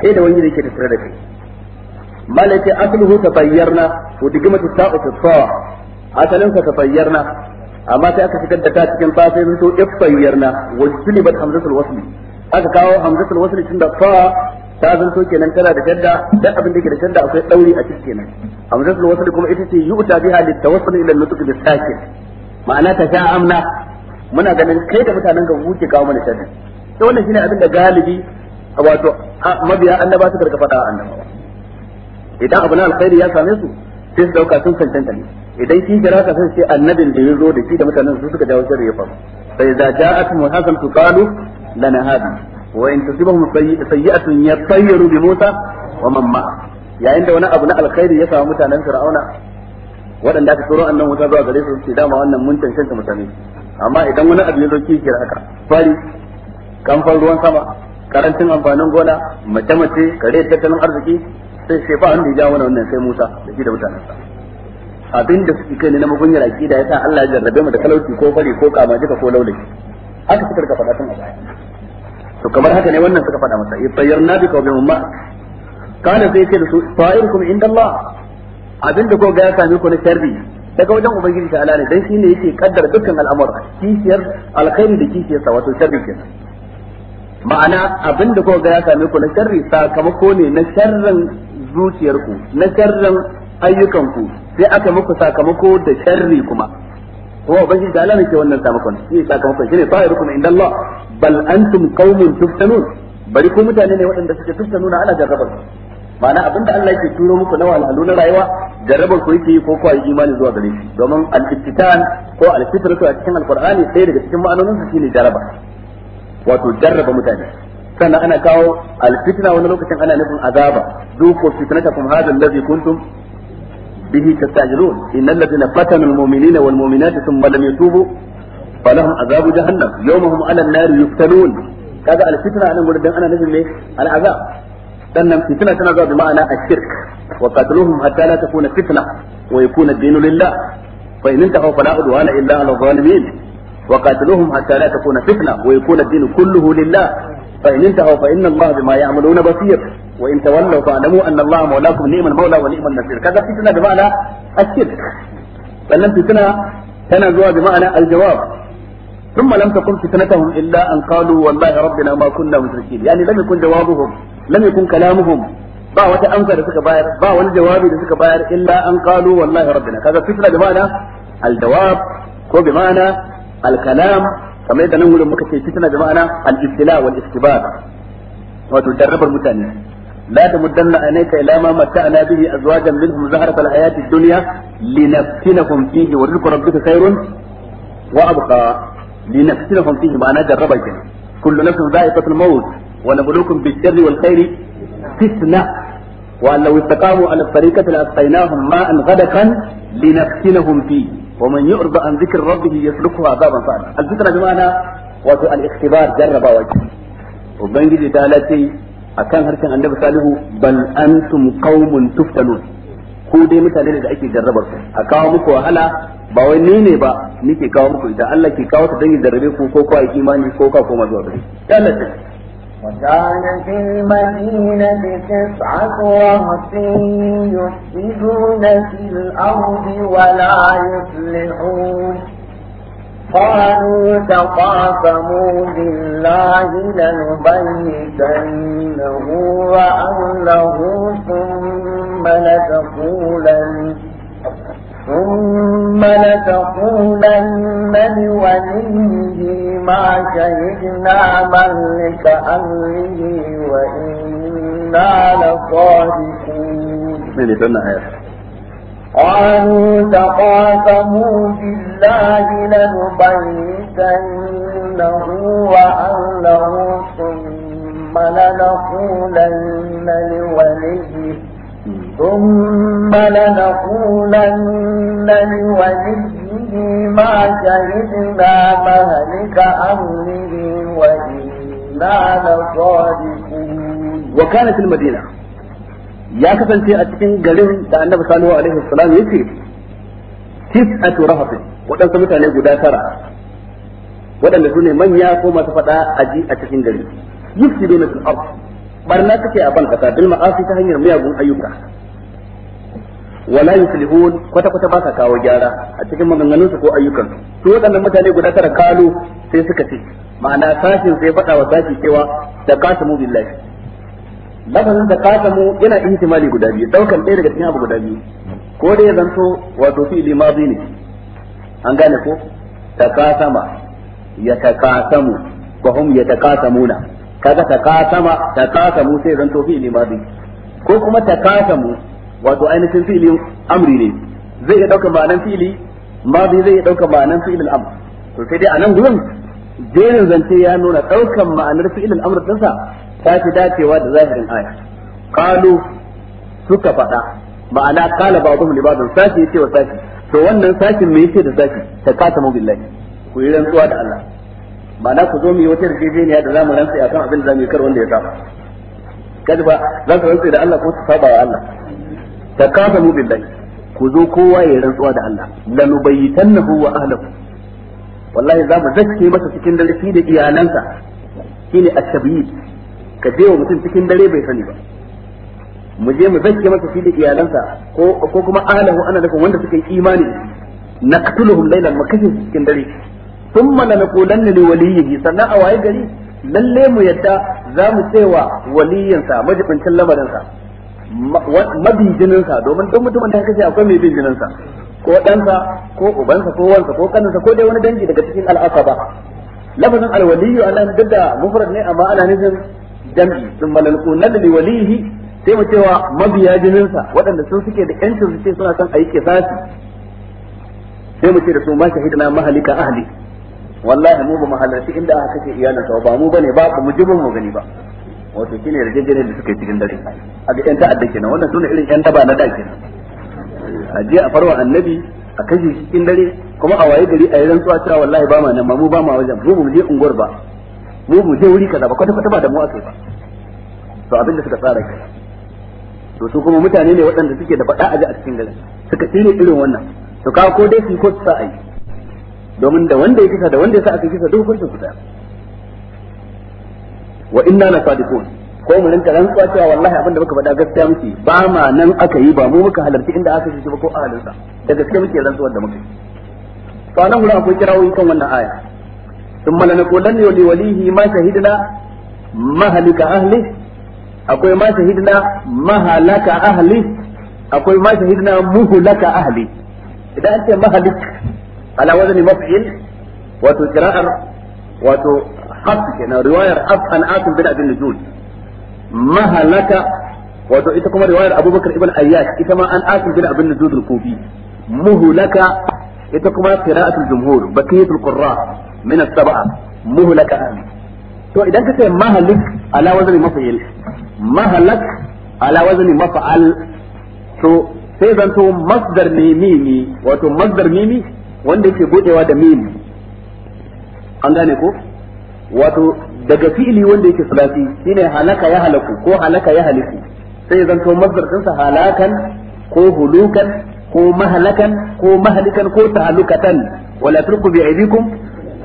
kai da wani da yake tattare da kai malaka asluhu tafayyarna wa digmatu ta'u tasawa asalin sa tafayyarna amma sai aka fitar da ta cikin fa sai zanto ifayyarna wa sulibat hamzatul wasl aka kawo hamzatul wasl tun da fa ta zanto kenan tana da shadda dan abin da yake da shadda akwai dauri a cikin kenan hamzatul wasl kuma ita ce yu'ta biha litawassul ila an-nutq bis-sakin ma'ana ta sha sha'amna muna ganin kai da mutanen ga huce kawo mana shadda to wannan shine abin da galibi wato mabiya annaba su karka faɗa annaba idan abu na alkhairi ya same su sai su dauka sun cancanta ne idan shi kira ka sai sai annabin da ya zo da shi da mutanen su suka jawo sharri ya faru fa idza ja'at muhasan tuqalu lana hadi wa in tusibahum sayyi'atun yatayyaru bi Musa wa man ma yayin da wani abu na alkhairi ya samu mutanen Fir'auna waɗanda aka tsoro annan wuta zuwa gare su su dama wannan mun cancanta mutane amma idan wani abu ya zo kira haka fari kamfan ruwan sama karancin amfanin gona mace mace kare tattalin arziki sai sai ba wanda ya wani wannan sai Musa da shi da mutanensa abin da suke kai ne na magunyar ya sa Allah ya jarrabe mu da talauci ko fari ko kama jika ko laulaci aka suka rika faɗa tun a baya to kamar haka ne wannan suka faɗa masa nabi ka bin umma kana sai ce da su fa'irukum inda Allah da ko ga ya sami ku na sharri daga wajen ubangiji ta ala ne dan shine yake kaddara dukkan al'amura kishiyar alkhairi da kishiyarsa wato sharri kenan ma'ana abin da kuka ga ya same ku na sharri sakamako ne na sharrin zuciyarku na sharrin ayyukanku sai aka muku sakamako da sharri kuma kuma ubangiji da Allah ne ke wannan sakamakon shi sakamakon shine sa'irukum inda Allah bal antum qaumun tuftanun bari ku mutane ne waɗanda suke tuftanuna ana jarrabar ma'ana abin da Allah yake turo muku na wahalhalu na rayuwa jarrabar ku yake ko ko imani zuwa gare shi domin al-iftitan ko al-fitratu a cikin al-qur'ani sai daga cikin ma'anonin su ne jarraba wato jarraba mutane sannan ana kawo alfitna wani lokacin ana nufin azaba duku fitnatakum hadha allazi kuntum bihi tastajilun innal ladina fatanu almu'minina walmu'minati thumma lam yatubu falahum azabu jahannam yawmahum 'ala an nar yuftanun kaga alfitna anan gudu dan ana nufin me al'azab sannan fitna tana zuwa bi ma'ana ashirk wa qatluhum hatta la takuna fitna wa yakuna ad-dinu lillah fa in intahu fala udwana illa 'ala adh وقاتلوهم حتى لا تكون فتنة ويكون الدين كله لله فإن انتهوا فإن الله بما يعملون بصير وإن تولوا فاعلموا أن الله مولاكم نعم المولى ونعم النصير كذا فتنة بمعنى الشرك فلم فتنة تنزوا بمعنى الجواب ثم لم تكن فتنتهم إلا أن قالوا والله ربنا ما كنا مشركين يعني لم يكن جوابهم لم يكن كلامهم با wata amsa da suka bayar ba wani jawabi da suka bayar illa an qalu wallahi rabbina kaga fitna bi ma'ana al-jawab ko bi ma'ana الكلام كما إذا نقول مكة كيتنا بمعنى الابتلاء والاستباب وتدرب المتاني لا تمدن عينيك إلى ما متعنا به أزواجا منهم زهرة الحياة الدنيا لنفتنهم فيه ورزق ربك خير وأبقى لنفتنهم فيه معنى جرب الجنة كل نفس ذائقة الموت ونبلوكم بالشر والخير فتنة وأن لو استقاموا على الطريقة لأسقيناهم ماء غدقا لنفتنهم فيه ومن يعرض عن ذكر ربه يسلكه عذابا صعبا الذكر بمعنى wato al-ikhtibar jarrabawa ce ubangiji ta akan harshen annabi salihu bal antum qaumun tuftanun ku dai mutane da ake jarrabar a kawo muku wahala ba wai ni ne ba nike kawo muku idan Allah ke kawo ta dan ya jarrabe ku ko ko imani ko ka koma zuwa gare Allah وكان في المدينة تسعة رهط يفسدون في الأرض ولا يصلحون قالوا تقاسموا بالله لنبيتنه وأهله ثم لتقولن ثم لتقولن لوليه ما شهدنا ملك أمره وإنا لصادقون قالوا تقاسموا بالله لنبيتنه وأهله ثم لنقولن لوليه ثم لنقولن لوليه ما شهدنا مهلك أمره وإنا لصادقون وكانت المدينة ya kasance a cikin garin da annabi salihu alaihi salam yace tis'atu rahatin waɗansu mutane guda tara waɗanda su ne manya ko masu faɗa a ji a cikin gari yufsiduna fil ard barna kake a ban kasa bil ma'asi ta hanyar miyagun ayyuka wala yuflihun kwata kwata ba ka kawo gyara a cikin maganganun su ko ayyukan su waɗannan mutane guda tara kalu sai suka ce ma'ana sashin sai faɗa wa sashi cewa da qasamu billahi lafazin da qasamu yana ihtimali guda biyu daukan ɗaya daga cikin abu guda biyu ko dai ya zanto wato li madi ne an gane ko ta ya ta qasamu ko hum qasamuna kaga ta ta qasamu sai zanto li madi ko kuma ta qasamu wato ainihin fi'ilin amri ne zai iya dauka ma'anan fi'ili madi zai iya dauka ma'anan fi'ilin amr to sai dai a nan gurin jerin zance ya nuna daukan ma'anar fi'ilin amr dinsa ta fi dacewa da zahirin aya qalu suka faɗa ma'ana qala ba'dhum li ba'dhin sashi yace wa sashi to wannan sashin me yace da sashi ta kasamu billahi ku yi rantsuwa da Allah ma'ana ku zo mu yi wata yarjejeniya da zamu rantsa akan abin da zamu yi kar wanda ya saba kada ba za ka rantsa da Allah ko su saba wa Allah ta kafa mu billahi ku zo kowa ya rantsuwa da Allah lanubayyitannahu wa ahlihi wallahi za mu zakke masa cikin dare shi da iyalansa shine at-tabyid ka je wa mutum cikin dare bai sani ba mu je mu zakke masa shi da iyalansa ko ko kuma ahlihi ana da wanda suka yi imani naqtuluhum laylan makashi cikin dare thumma lanaqulanna liwaliyhi sannan a waye gari lalle mu yadda za mu cewa waliyinsa majibincin lamarinsa mabin jininsa domin don mutumin da ce akwai mai bin jininsa ko ɗansa ko ubansa ko wansa ko kaninsa ko dai wani dangi daga cikin al'asaba lafazin alwaliyu ana duk da mufrad ne amma ana nufin jam'i sun malalku nan li walihi sai mu cewa mabiya jininsa waɗanda sun suke da yancin su ce suna son ayi kisasi sai mu ce da su ma shahidna mahalika ahli wallahi mu ba mu halarci inda aka kace iyalinsa ba mu bane ba mu ji mu gani ba wato shine yarjejeniyar da suka yi cikin dare a ga yan ta'adda kenan wannan sune irin yan taba na da a je a farwa annabi a kashe shi cikin dare kuma a waye gari a yi rantsuwa cewa wallahi ba ma nan ma mu ba ma wajen mu mu je unguwar ba mu mu je wuri kaza ba kwata kwata ba da mu kai ba to abin da suka tsara kenan to su kuma mutane ne waɗanda suke da faɗa ji a cikin dare suka tsine irin wannan to ka ko dai su ko su sa yi domin da wanda ya kisa da wanda ya sa aka kisa duk hukuncin su daya wa inna la sadiqun ko mu rinka rantsuwa cewa wallahi abinda muka faɗa gaskiya muke ba ma nan aka yi ba mu muka halarci inda aka shi ba ko ahalinsa da gaskiya muke rantsuwa da muke to anan gurin akwai kirawoyi kan wannan aya ثم لنقولن لوليه ما شهدنا mahalika ahli akwai ma shahidna mahalaka ahli akwai ma shahidna muhlaka ahli idan an ce mahalik ala wazni maf'il wato qira'ar wato qas mahalaka ibn ayyash ita ma an asim sai zanto masdar ne wanda yake budewa da mimi ko wato daga fi'ili wanda yake sulasi shine halaka ya halaku ko halaka ya haliku sai ya zanto masdar ɗinsa halakan ko hulukan ko mahalakan ko mahalikan ko tahalukatan wala turku bi aidikum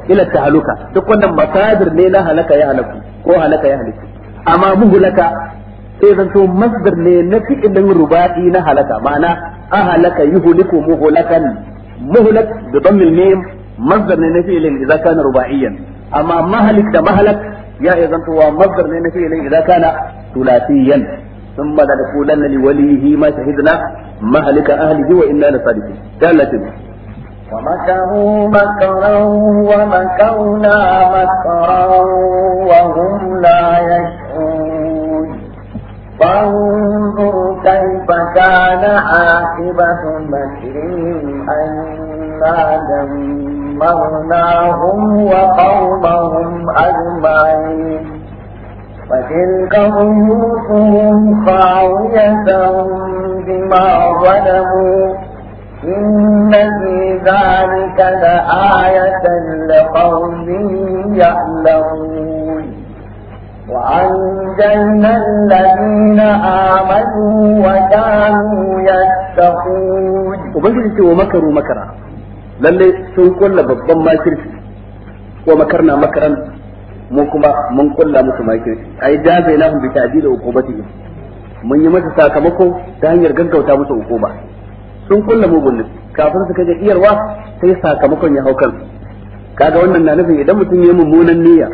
ila tahaluka duk wannan masadir ne na halaka ya halaku ko halaka ya haliku amma muhlaka sai zanto masdar ne na fi'ilin ruba'i na halaka ma'ana ahalaka yuhliku muhlakan muhlak bi dammil mim masdar ne na fi'ilin idza kana rubaiyan amma mahalik da mahalak ya iya zantowa masdar ne na fi'ilin idan kana sun thumma la taqulan li walihi ma shahidna mahalika ahlihi wa inna la sadiqun dalatin ومكروا مكرا ومكرنا مكرا وهم لا يشعرون فانظر كيف كان عاقبة مكرهم أنا دمرنا دمرناهم وقومهم أجمعين وتلك بيوتهم خاوية بما ظلموا إن في ذلك لآية لقوم يعلمون وأنجلنا الذين آمنوا وكانوا يتقون وبدلت ومكروا مكرا Lallai sun kulla babban makirci ko makarna makaran mu kuma mun kulla musu makirci ai zai na da bi da uqubati mun yi masa sakamako ta hanyar gaggauta musu hukuma sun kulla gunnu kafin su kaje iyarwa sai sakamakon ya hau kaga wannan na nufin idan mutum ya mummunan niyya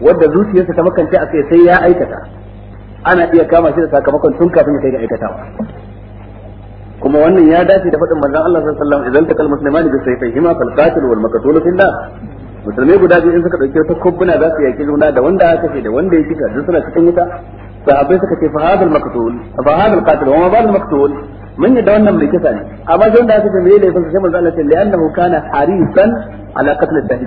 wanda zuciyarsa ta makance a kai sai ya aikata ana iya kama shi da sakamakon tun kafin ya kai ga aikatawa kuma wannan ya dace da faɗin manzon Allah sallallahu alaihi wasallam idan takal muslimani bi sayfihima fal qatil wal maqtul fil nar musulmai guda biyu in suka dauke ta kubbuna za su yaki juna da wanda aka ce da wanda ya kika duk suna cikin wuta sahabbai suka ce fa hadal maqtul fa hadal qatil wa ma bal maqtul mun yadda wannan mai kisa ne amma sai da aka ce me laifin sai manzo Allah sai li'annahu kana harisan ala qatl ad-dahr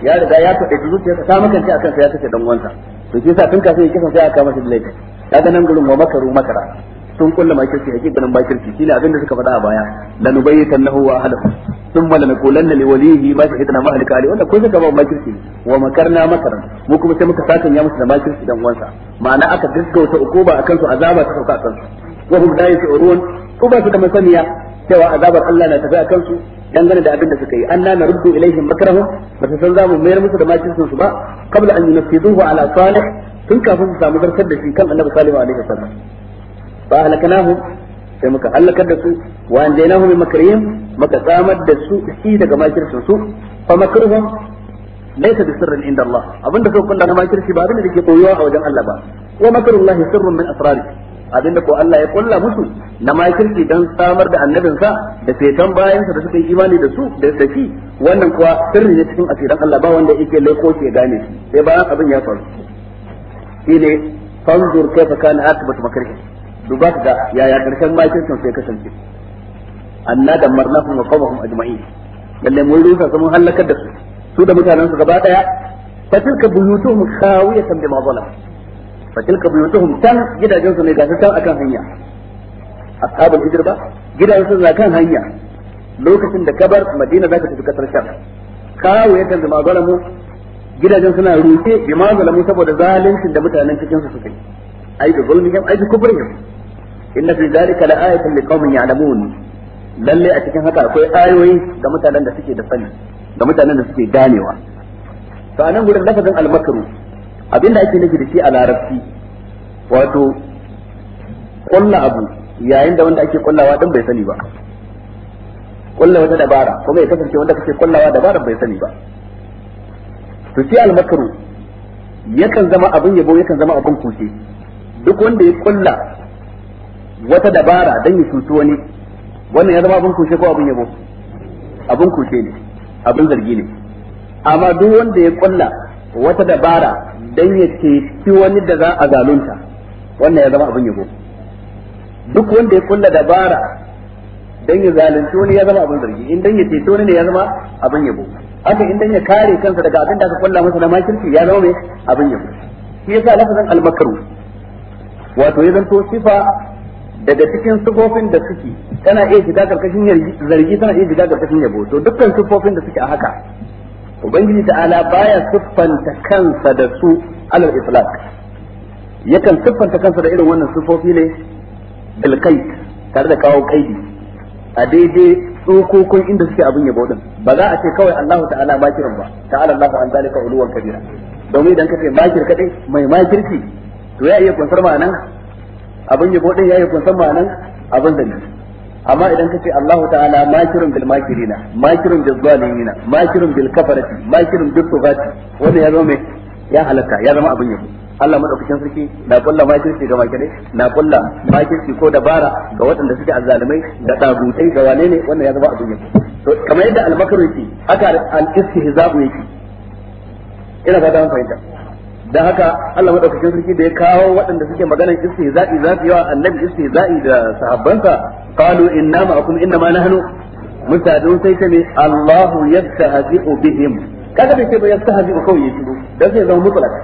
ya riga ya fada da zuciyarsa ta makance akan sa ya kace dan uwansa to shi yasa tun kafin ya kisa sai aka masa laifin kaga nan gurin wa makaru makara sun kulla makirci hakikanin makirci shine abin da suka faɗa a baya lanubayyitannahu wa ahlahu thumma lanaqulanna liwalihi ma shahidna ma halika ali wannan ko suka ba makirci wa makarna makaran mu kuma sai muka sakan ya musu da makirci dan uwansa ma'ana aka gaggauta ukuba akan su azaba ta sauka akan su wa hum la yashurun ko ba su da masaniya cewa azabar Allah na tafi akan su dangane da abin da suka yi anna naruddu ilaihim makrahum ba su san za mu mayar musu da makircin su ba kabla an yunfiduhu ala salih tun kafin su samu zartar da shi kan annabi sallallahu alaihi wasallam fa halaknahum sai muka halakar da su wa anjaynahum min makrihim muka tsamar da su shi daga makircin su fa makruhum laysa bisirrin inda Allah abinda suka kunda na makirci ba abinda dake koyuwa a wajen Allah ba wa makrullahi sirrun min asrari abinda ko Allah ya kulla musu na makirci dan samar da annabin sa da fetan bayansa da suka yi imani da su da tafi wannan kuwa sirri ne cikin asirin Allah ba wanda yake laiko ke gane shi sai bayan abin ya faru shine fanzur kaifa kana akibatu makrihim duba ka ga yaya karshen sun sai kasance anna damarnahum wa qawmahum ajma'in lalle mun rusa su mun halakar da su su da mutanen su gaba daya fa tilka buyutuhum khawiyatan bima zalam fa tilka buyutuhum tan gidajen su ne ga su tan akan hanya ashabul hijra gidajen su na kan hanya lokacin da kabar madina zaka tafi kasar sham khawiyatan bima zalamu gidajen suna rufe bi ma zalamu saboda zaluncin da mutanen cikin su suka yi ai da zulmihim ai da kubrihim inna fi zalika la'ayatan liqaumin ya'lamun lalle a cikin haka akwai ayoyi ga mutanen da suke da sani ga mutanen da suke ganewa to anan gurin lafazin al-makru abinda ake nufi da shi a larabci wato kulla abu yayin da wanda ake kullawa din bai sani ba kulla wata dabara kuma ya kasance wanda kake kullawa dabara bai sani ba to shi al-makru yakan zama abin yabo yakan zama abin kushe duk wanda ya kulla wata dabara dan ya cuci wani wannan ya zama abin kushe ko abin yabo abin kushe ne abin zargi ne amma duk wanda ya kulla wata dabara dan ya ceci wani da za a zalunta wannan ya zama abin yabo duk wanda ya kulla dabara dan ya zalunci wani ya zama abin zargi in dan ya ceci wani ne ya zama abin yabo haka in dan ya kare kansa daga abin da aka kulla masa na makirci ya zama mai abin yabo shi yasa lafazin al wato ya zanto sifa daga cikin sufofin da suke tana iya shiga karkashin zargi tana iya shiga karkashin yabo to dukkan sufofin da suke a haka ubangiji ta'ala baya siffanta kansa da su alal itlaq yakan siffanta kansa da irin wannan sufofi ne bil tare da kawo kaidi a daidai tsokokon inda suke abin yabo din ba za a ce kawai Allahu ta'ala makirin ba ta'ala Allahu an zalika uluwan kabira domin idan ka ce makir kadai mai makirci to ya iya kunsar ma'anan abin yabo din yayi kun san ma'anan abin ne amma idan kace Allah ta'ala makirun bil makirina makirun bil zalimina makirun bil kafarati makirun bil tugati wanda ya zama ya halaka ya zama abin yabo Allah madaukakin sarki na kulla makirci ga makirai na kulla makirci ko dabara ga waɗanda suke azzalumai da dagutai ga wane ne wannan ya zama abin yabo to kamar yadda al-makru yake haka al-istihzabu yake ina fata an fahimta da haka Allah madaukakin sarki da ya kawo waɗanda suke maganar istihza'i za su yawa annabi istihza'i da sahabbansa qalu inna ma'akum inna ma nahnu mutadun sai ta ne Allahu yastahzi'u bihim kaga da ce ba yastahzi'u kawai ya shigo dan sai zama mutlaq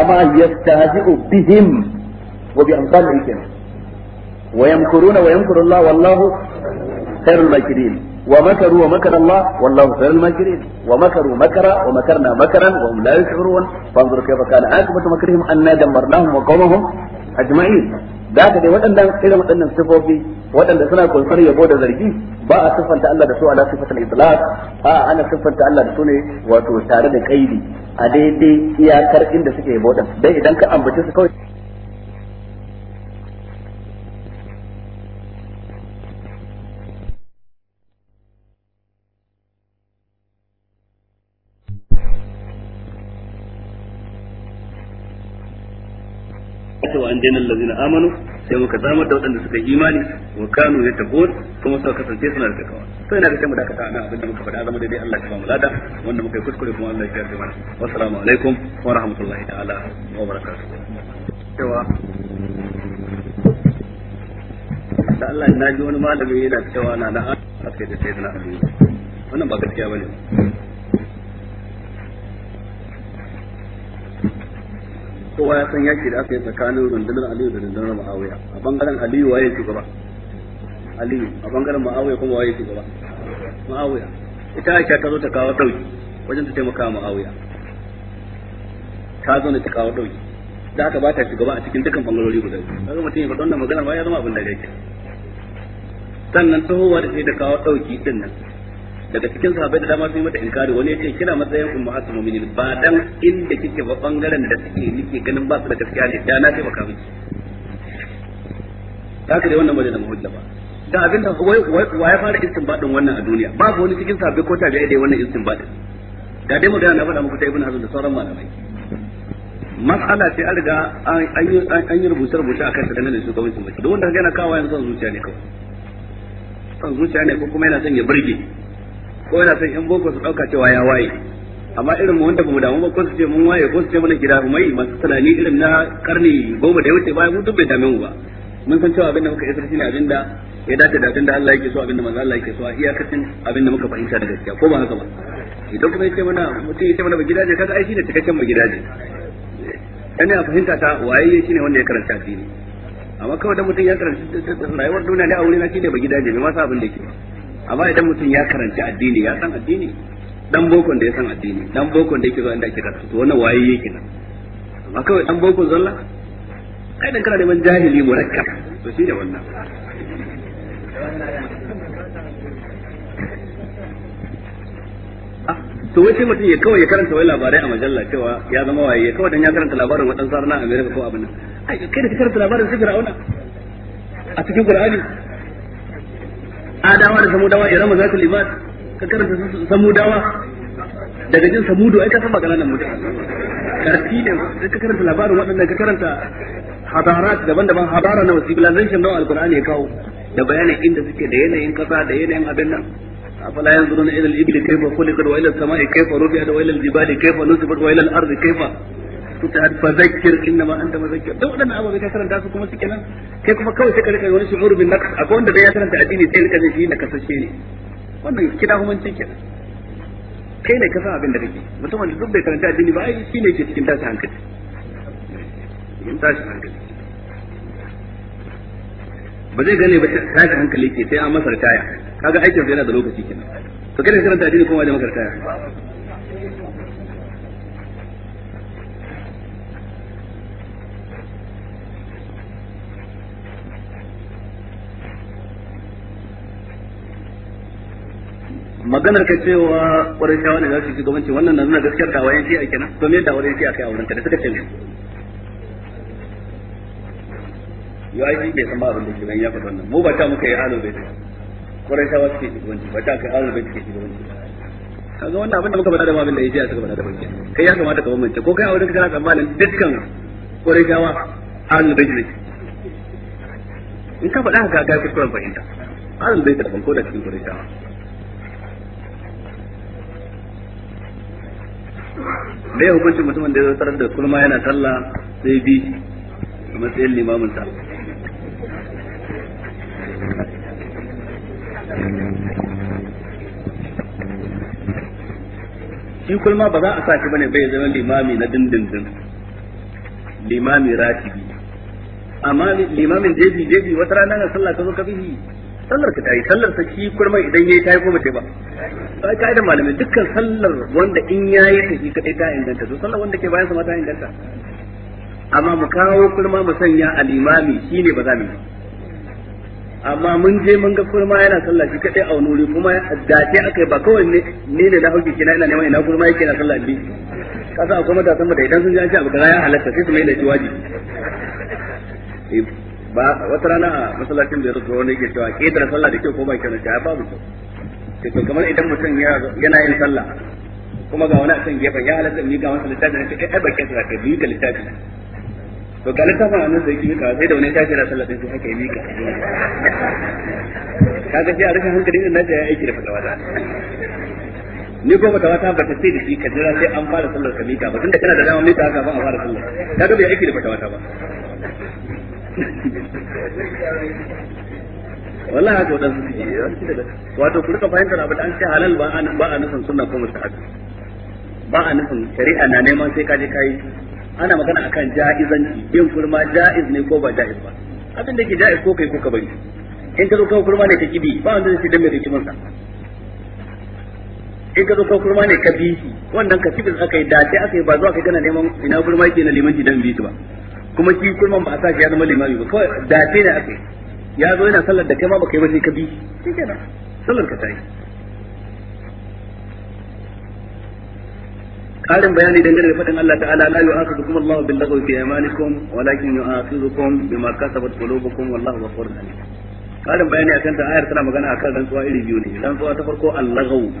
amma yastahzi'u bihim wa bi amsalihim wa yamkuruna wa yamkuru Allah wallahu khairul makirin ومكروا ومكر الله والله خير الماكرين ومكروا مكرا ومكرنا مكرا وهم لا يشعرون فانظر كيف كان عاقبة مكرهم أنا دمرناهم وقومهم أجمعين da haka dai waɗannan irin waɗannan sifofi waɗanda suna kunsar yabo da zargi ba a siffanta Allah da su ala siffatul itlaq a ana siffanta Allah da su ne wato tare da kaidi a daidai iyakar inda suke yabo din idan ka ambace su kawai najjayna allazina amanu sai muka zamar da waɗanda suka imani wa kanu yattaqun kuma suka kasance suna da takawa sai na ga sai mu dakata nan abin da muka faɗa zama daidai Allah ya ba mu lada wanda muka yi kuskure kuma Allah ya mana assalamu alaikum wa rahmatullahi ta'ala wa barakatuh cewa da Allah na ji wani malami yana cewa na a sai kowa ya san yaki da aka yi tsakanin rundunar aliyu da rundunar ma'awiya a bangaren aliyu waye shugaba aliyu a bangaren ma'awiya kuma waye shugaba ma'awiya ita aisha ta zo ta kawo dauki wajen ta taimaka ma'awiya ta zo ne ta kawo dauki da aka bata shugaba a cikin dukkan bangarori guda biyu kaga mutum ya faɗa wannan magana ba ya zama abin da yake sannan tohowa da ke da kawo dauki din nan daga cikin sahabbai da dama sun yi mata inkari wani yace kina matsayin ummatul mu'minin ba dan inda kike ba bangaren da suke nike ganin ba su da gaskiya ne da na ce baka miki haka dai wannan majalisa hujja ba da abinda wai wai ya fara istinbadin wannan a duniya babu wani cikin sahabbai ko tabi'ai da wannan istinbadin ga dai magana na faɗa muku ta ibnu hazm da sauran malamai mas'ala ce an riga an yi rubuce rubuce akan ta dangane da shugabancin mace duk wanda yana kawo yanzu zuciya ne kawai son zuciya ne ko kuma yana son ya burge ko yana son yan boko su dauka cewa ya waye amma irin mu wanda bamu damu ba ko su ce mun waye ko su ce mana gida mai masu tunani irin na karni goma da ya wuce baya mu duk bai dame mu ba mun san cewa abin da muka isar shine ne abinda ya dace da abin da Allah yake so abinda manzo Allah yake so a iyakacin abinda da muka fahimta da gaskiya ko ba haka ba idan kuma yace mana mutum yace mana ba gidaje kaga ai shine cikakken ba gidaje dan a fahimta ta waye shine wanda ya karanta addini amma kawai da mutum ya karanta rayuwar duniya ne a shi shine ba gidaje ne ma sa abin da yake ba amma idan mutum ya karanci addini ya san addini dan bokon da ya san addini dan bokon da yake zo inda ake karatu to wannan waye yake nan amma kawai dan bokon zalla kai dan kana neman jahili murakkab to shi ne wannan ah, to wai sai mutum ya kawai ya karanta wai labarai a majalla cewa ya zama waye kawai dan ya karanta labarin wadan sarna America ko abin nan ai kai da karanta labarin sigara Fir'auna a cikin Qur'ani adawa da samudawa irama zatul libat ka karanta samudawa daga jin samudu ai ka san magana nan mutum karfi ne ka karanta labarin waɗannan ka karanta hadarat daban-daban hadara na civilization na alkur'ani ya kawo da bayanin inda suke da yanayin kasa da yanayin abin nan afala yanzuruna ila al-ibli kayfa khuliqat wa ila as-sama'i kayfa rufi'at wa ila al-jibali kayfa nusibat wa ila al-ardi kayfa fitahat fa zakkir inna ma anta muzakkir da wadannan ababai ka karanta su kuma suke nan kai kuma kawai sai ka rika wani shu'ur bin naqs akwai wanda dai ya karanta addini sai rika shi na kasashe ne wannan kida humanci kenan kai ne ka san abin da kake mutumin da duk bai karanta addini ba ai shi ne ke cikin tashin hankali cikin tashin hankali ba zai gane ba tashin hankali ke sai an masa ritaya kaga aikin yana da lokaci kenan to kai ne karanta addini kuma da masa ritaya maganar ka cewa ƙwarin shawa ne za su shugabanci wannan na nuna gaskiyar tawayen shi a kenan to me da wurin shi a kai a wurin ka da suka ce mai yau ai bai san ba abin da shugaban ya faɗi wannan mu ba ta muka yi alo bai ƙwarin shawa suke shugabanci ba ta kai alo bai suke shugabanci kaga wannan abin da muka faɗa da abin da ya ji a suka faɗa da banki kai ya kamata ka bambance ko kai a wurin ka kana tsammanin dukkan ƙwarin shawa alo bai ne in ka faɗa haka ka kuskuren fahimta alo bai da ko da cikin ƙwarin shawa me ya hukunci mutumin da ya tarar da kulma yana talla, sai bi a matsayin limamin sa shi kulma ba za a sa shi bane bai zama limami na dindindin limami ratibi amma limamin jebi jebi wata rana na sallah ka zo ka bihi sallar ka tayi sallar sa shi kulma idan yayi tayi ko mace ba sai idan malami dukkan sallar wanda in yi ta shi kaɗai ta inganta to sallar wanda ke bayan sa ma ta inganta amma mu kawo kurma mu sanya alimami shi shine ba za mu yi amma mun je mun ga kurma yana sallah shi kadai a wani kuma da ke akai ba kawai ne ne ne na hauki kina ina neman ina kurma yake na sallah bi kasa akwai matasan mu da idan sun ji an ce abu kaza ya halatta sai su mai da shi eh, ba wata rana a masallacin da ya rubuta wani yake cewa ke da sallah da kyau ko ba kyau na ta babu kyau to kamar idan mutum yana yin sallah kuma ga wani a gefe ya halatta mi ga wani littafi na kai ba kai ka bi ga littafi to ga littafin a nan sai ki ka sai da wani tafi da sallah din sai haka mika ga sai a rika hankali din nan da ya aiki da fatawa da ni ko ta wata ba ta sai da shi ka jira sai an fara sallar ka mika ba tunda kana da dama mika haka ban a fara sallar ga bai aiki da fatawa ta ba wallahi haka wadansu suke wato ku rika fahimtar abu da an ce halal ba an ba an nufin sunna ko mustahab ba a nufin shari'a na neman sai ka je kai ana magana akan ja'izanci yin kurma ja'iz ne ko ba ja'iz ba abin da ke ja'iz ko kai ko ka bari in ka zo kawo kurma ne ka kibi ba wanda zai dan mai mun sa in ka zo kawo kurma ne ka bi shi wannan ka kibi aka yi da sai aka yi ba zuwa kai kana neman ina kurma yake na limanci dan bi shi ba kuma shi kurman ba a sa shi ya zama limami ba kawai dace ne aka yi ya zo yana sallar da kai ma baka yi ba ka bi sallar ka tayi karin bayani dangane da fadin Allah ta'ala la yu'akhidukum Allahu bil lagwi fi aymanikum walakin yu'akhidukum bima kasabat qulubukum wallahu ghafurun rahim karin bayani akan ta ayar tana magana akan rantsuwa iri biyu ne rantsuwa ta farko al-lagwu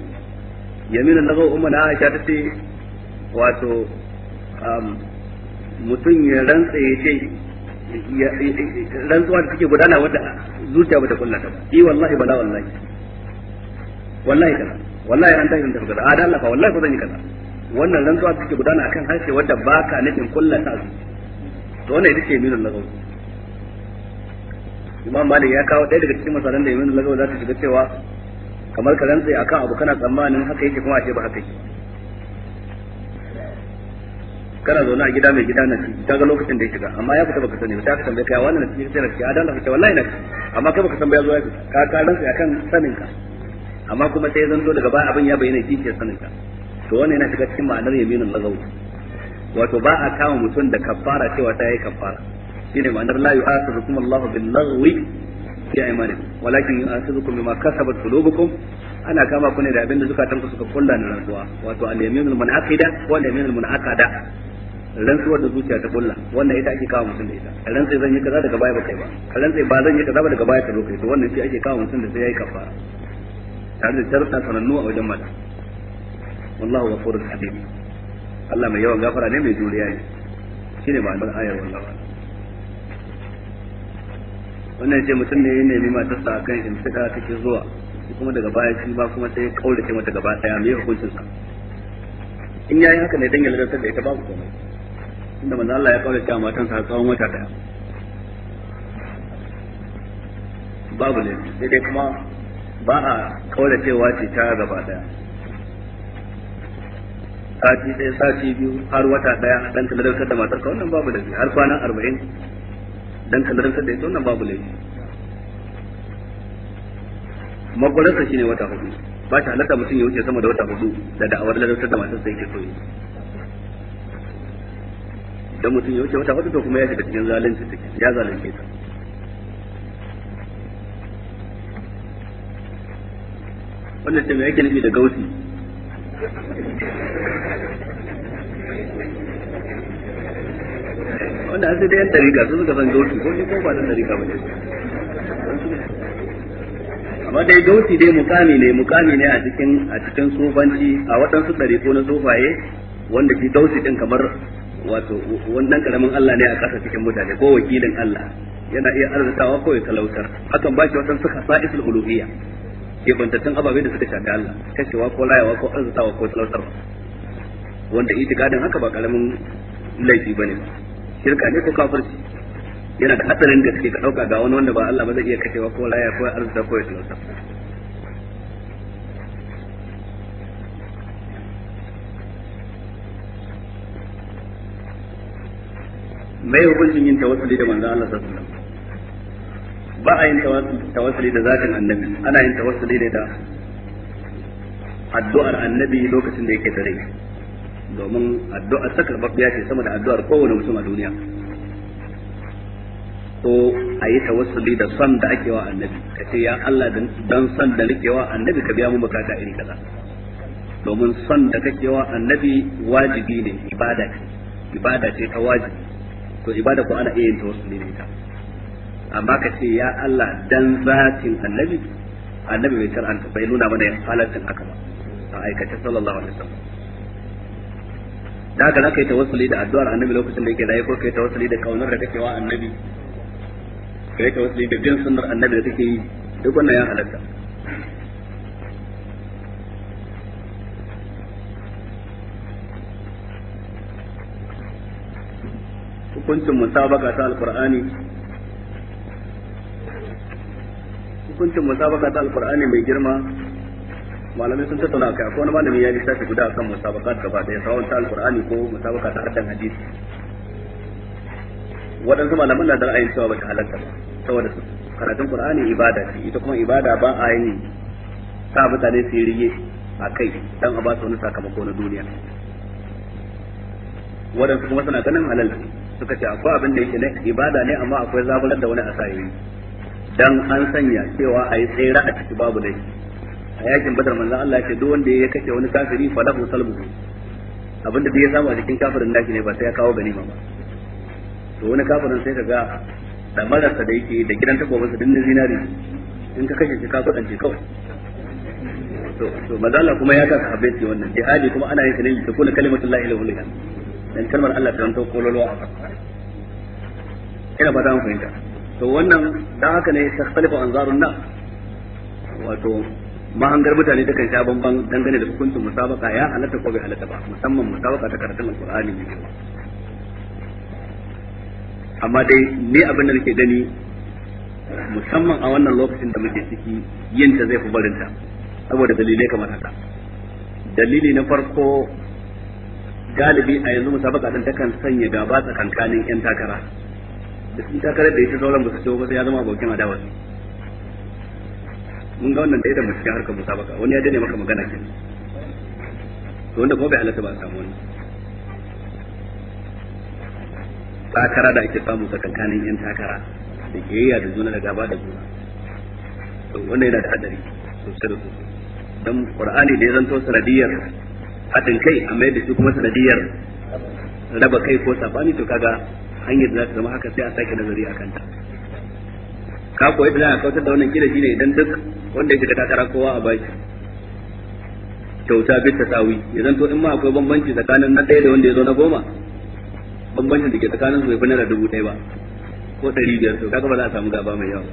yamin al-lagwu umma na Aisha tace wato um, mutum ya rantsa ya ce rantsuwa da suke gudana wadda zuciya bata kulla ta yi eh, wallahi bala wallahi wallahi kaza wallahi an tashi da kaza ada ah, Allah fa wallahi ba zan yi kaza wannan rantsuwa da suke gudana akan harshe wadda ka nufin kulla ta to wannan ita ce minul lagaw Imam Malik ya kawo ɗaya daga cikin masalan da minul lagaw za su shiga cewa kamar ka a akan abu kana tsammanin haka yake kuma ashe ba haka yake kana zaune a gida mai gida na ta ga lokacin da ya shiga amma ya fita baka sani ba ta ka tambaye ka wannan na ci sai na ci adan da kace wallahi na ci amma kai baka san ba ya zo ya ka ka sai akan sanin ka amma kuma sai zo daga baya abin ya bayyana cikin sanin ka to wannan yana shiga cikin ma'anar yaminin lazawu wato ba a kama mutum da kafara cewa ta yi kafara shine ma'anar la yu'akhidhukum Allahu bil laghwi fi aymanikum walakin yu'akhidhukum bima kasabat qulubukum ana kama ku ne da abin da zukatan suka kulla na rantsuwa wato al-yaminul munaqida wal yaminul munaqada rantsuwar da zuciya ta kulla wannan ita ake kawo mutum da ita rantsai zan yi kaza daga baya ba kai ba rantsai ba zan yi kaza ba daga baya ka zo kai to wannan shi ake kawo mutum da sai yayi kafara tare da tarta sanannu a wajen mata wallahu ghafurur halim Allah mai yawan gafara ne mai juriya ne shine ma'anar ayar wallahi wannan ce mutum ne ya nemi matarsa akan shimfiɗa take zuwa kuma daga baya shi ba kuma sai ya kaurace mata gaba daya mai hukuncin sa in yayi haka ne dangin ya lalatar da ita babu komai inda manzo Allah ya kaura cewa matan sa tsawon wata daya babu ne sai dai kuma ba a kaura cewa ce ta gaba daya sati ɗaya sati biyu har wata daya dan ka ladabtar da matar ka wannan babu laifi har kwanan arba'in dan ka ladabtar da ita wannan babu laifi makwararsa shine wata hudu ba ta halatta mutum ya wuce sama da wata hudu da da'awar ladabtar da sai ke so dan mutum ya wuce wata hudu to kuma ya shiga cikin zalunci take ya zalunce ta wannan ce me yake nufi da gausi wanda an sai da yan dariga su suka san gausi ko ni ko ba dan dariga ba ne amma dai gausi dai mukami ne mukami ne a cikin a cikin sofanci a waɗansu ɗari ko na sofaye wanda ke gausi din kamar wato wannan karamin Allah ne a ƙasa cikin mutane ko wakilin Allah yana iya arzikawa ko ya talautar hakan ba shi wasan suka sa'isul uluhiyya ke bantattun ababe da suka shafi Allah kashewa ko rayawa ko arzikawa ko talautar wanda itikadin haka ba karamin laifi ba ba shirka ne ko kafirci yana da hatsarin suke ka dauka ga wani wanda ba Allah ba zai iya kashewa ko raya ko arzika ko ya talautar mai hukuncin yin tawassuli da manzon Allah sallallahu alaihi wasallam ba a yin tawassuli da zatin annabi ana yin tawassuli da addu'ar annabi lokacin da yake dare domin addu'ar sakar babbiya ce sama da addu'ar kowane mutum a duniya ko a yi tawassuli da son da ake wa annabi ka ce ya Allah dan son da nake wa annabi ka biya mu bukata iri kaza domin son da kake wa annabi wajibi ne ibada ce ibada ce ta wajibi to ibada ko ana iya yin tawassul da ita amma ka ce ya Allah dan zatin annabi annabi bai shar'anta bai nuna mana halaccin haka ba a aikata sallallahu alaihi wasallam da haka zaka yi tawassuli da addu'ar annabi lokacin da yake da ko kai tawassuli da kaunar da kake wa annabi kai tawassuli da bin sunnar annabi da take yi duk wannan ya halatta hukuncin musabaka ta alqur'ani hukuncin musabaka ta alqur'ani mai girma malamai sun tattauna kai akwai wani malami ya yi lissafi guda akan musabaka gaba daya sawon ta alqur'ani ko musabaka ta harkan hadisi waɗansu malaman na da ra'ayin cewa ba ta halatta ba saboda karatun qur'ani ibada ce ita kuma ibada ba a yin sa mutane su yi rige a kai dan a ba su wani sakamako na duniya waɗansu kuma suna ganin halal suka ce akwai abin da yake na ibada ne amma akwai zaburar da wani asayi dan an sanya cewa a yi tsira a ciki babu dai a yakin badar manzon Allah ya ce duk wanda ya kace wani kafiri lahu salbu abinda bai samu a cikin kafirin nashi ne ba sai ya kawo ganima ba to wani kafirin sai ka ga da marasa da yake da gidan takobinsa din dinnin zinari in ka kashe shi ka kudance kawai to to madalla kuma ya kasa habbaiti wannan jihadi kuma ana yin kalmar ta kuna kalimatullahi la ilaha illallah dan kalmar Allah ta zanto kololuwa a kasa ina ba ta fahimta to wannan dan haka ne ta khalifa anzarun nas wato mahangar mutane takan sha bamban dangane da hukuncin musabaka ya halatta ko bai halatta ba musamman musabaka ta karatun alqur'ani ne amma dai ni abin da nake gani musamman a wannan lokacin da muke ciki yin ta zai fi barinta saboda dalilai kamar haka dalili na farko galibi a yanzu musabaka din takan sanya gaba tsakankanin yan takara da sun takarar da ita sauran ba su ciwo sai ya zama abokin adawa mun ga wannan da idan cikin harkar musabaka wani ya dane maka magana ke to wanda kuma bai halatta ba a samu wani takara da ake samu tsakankanin yan takara da ke yayya da juna da gaba da juna to wannan yana da hadari sosai da sosai dan qur'ani da ya zanto sanadiyar haɗin kai a yadda da kuma sanadiyar raba kai ko sabani to kaga hanyar da za ta zama haka sai a sake nazari a kanta ka koyi da za a kautar da wannan gida shine idan duk wanda yake takara kowa a baki kyauta ta tasawi idan to in ma akwai bambanci tsakanin na ɗaya da wanda ya zo na goma bambancin da ke tsakanin su bai fi naira dubu ɗaya ba ko ɗari biyar to kaga ba za a samu gaba mai yawa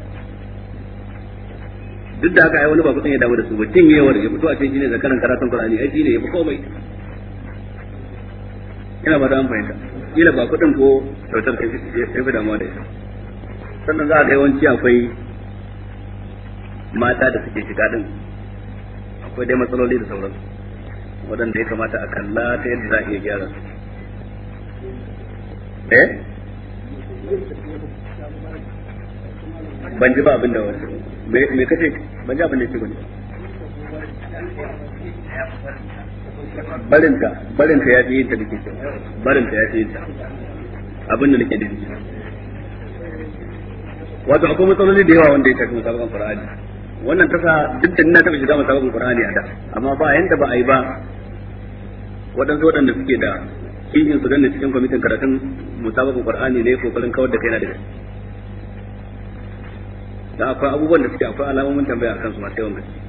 duk da haka ai wani ba kusan ya damu da su ba tin yawar ya fito a cikin shine zakaran karatun Qur'ani ai shine ya fi komai ina ba da an fahimta kila ba kudin ko kyautar kai ya fi damuwa da ita sannan za a ga yawanci akwai mata da suke shiga din akwai dai matsaloli da sauran waɗanda ya kamata a kalla ta yadda za a iya gyara su eh ban ji ba abin da wasu me kace ban ji abin da yake bane barinta barinta ya fi yin ta da kyau barinta ya fi yin ta abin da nake da shi wato akwai matsaloli da yawa wanda ya tafi musabakan qur'ani wannan tasa duk da ina taɓa shiga musabakan qur'ani a da amma ba yanda ba a yi ba waɗansu waɗanda suke da kishin su ganin cikin kwamitin karatun musabakan qur'ani ne kokarin kawar da kaina daga da akwai abubuwan da suke akwai alamomin tambaya akan su masu yawan gaske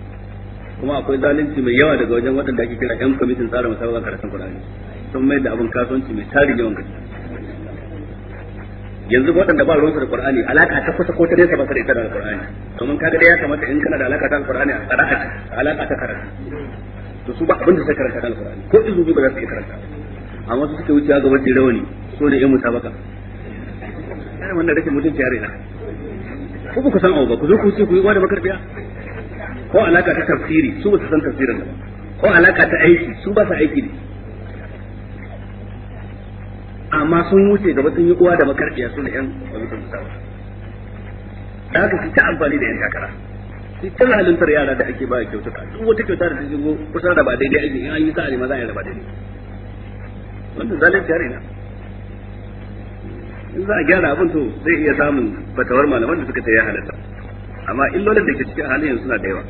kuma akwai zalunci mai yawa daga wajen waɗanda ake kira yan kwamitin tsara musabakan karatun Qur'ani sun mai da abin kasuwanci mai tarin yawan gaske yanzu waɗanda ba ruwansu da Qur'ani alaka ta kusa ko ta nesa ba ta da ita da Qur'ani domin kaga dai ya kamata in kana da alaka ta Qur'ani a tsara alaka ta karatu to su ba abin da suka karanta da Qur'ani ko izu ba za su karanta amma su suka wuce ga wajen rawani so da yan musabaka kana wannan mutunci yare na ku ku san abu ku zo ku ce ku yi wani makarfiya ko alaka ta tafsiri su ba su san tafsirin ba ko alaka ta aiki su ba su aiki ne amma sun wuce gaba sun yi uwa da makarfiya su ne yan wani musamman da haka su ta amfani da yan takara su ta halintar yara da ake ba kyautuka duk wata kyauta da ta shigo kusan raba daidai ake in an yi sa'a ne ma za a yi raba daidai wannan zalunci yare na in za a gyara abin to zai iya samun fatawar malaman da suka ta ya halatta amma illolin da ke cikin halin yanzu suna da yawa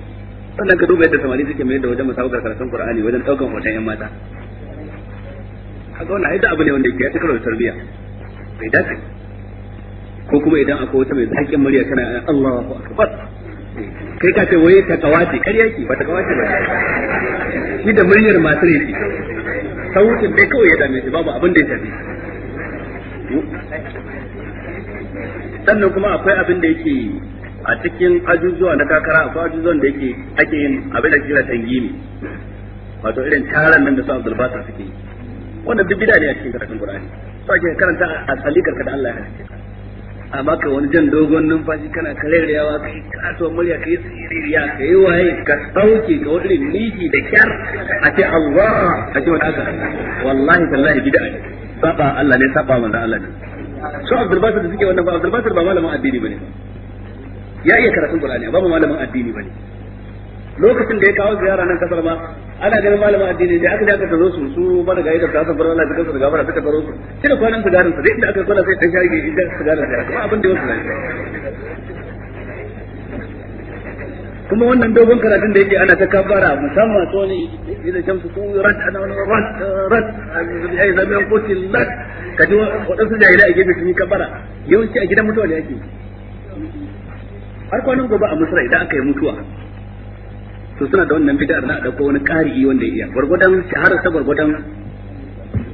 sannan ka duba yadda samari suke mai da wajen masaukar karatun qur'ani wajen daukan hoton yan mata haka wannan aida abu ne wanda yake ya cikar da tarbiyya bai dace ko kuma idan akwai wata mai zaƙin murya kana Allahu akbar kai ka ce waye ta kawace ƙarya ki ba ta kawace ba shi da muryar matar yake sautin dai kawai ya dame shi babu abin da ya tafi sannan kuma akwai abin da yake a cikin ajujuwa na kakara akwai ajujuwan da yake ake yin abin da kira tangimi wato irin taron nan da su Abdul Basir suke yi wannan duk bid'a ne a cikin karatun Qur'ani to ake karanta a salikar ka da Allah ya halice ka amma ka wani jan dogon numfashi kana karerriyawa kai kasuwar murya kai siririya kai waye ka sauke ka wani miki da kyar a ce Allah a ce wani wallahi tallahi bid'a ne saba Allah ne saba manzo Allah ne So Abdul Basir da suke wannan ba Abdul Basir ba malamin addini bane ya iya karatun Qur'ani ba malamin addini bane lokacin da ya kawo ziyara nan kasar ma ana ganin malamin addini da aka dace ta zo su su ba daga yadda da safar Allah da su daga bara suka baro su kina kwanan su garin su dai inda aka kwana sai ta shage idan su garin da ba abin da yau su kuma wannan dogon karatun da yake ana ta kafara musamman to ne idan jamsu ku rat ana wani rat rat ai zaman qutil lat kaji wadansu jahilai a gefe sun yi kafara yawanci a gidan mutuwa ne ake har kwanan gobe a misra idan aka yi mutuwa to suna da wannan bid'ar na dauko wani ƙari'i wanda ya iya gwargwadon shahara ta gwargwadon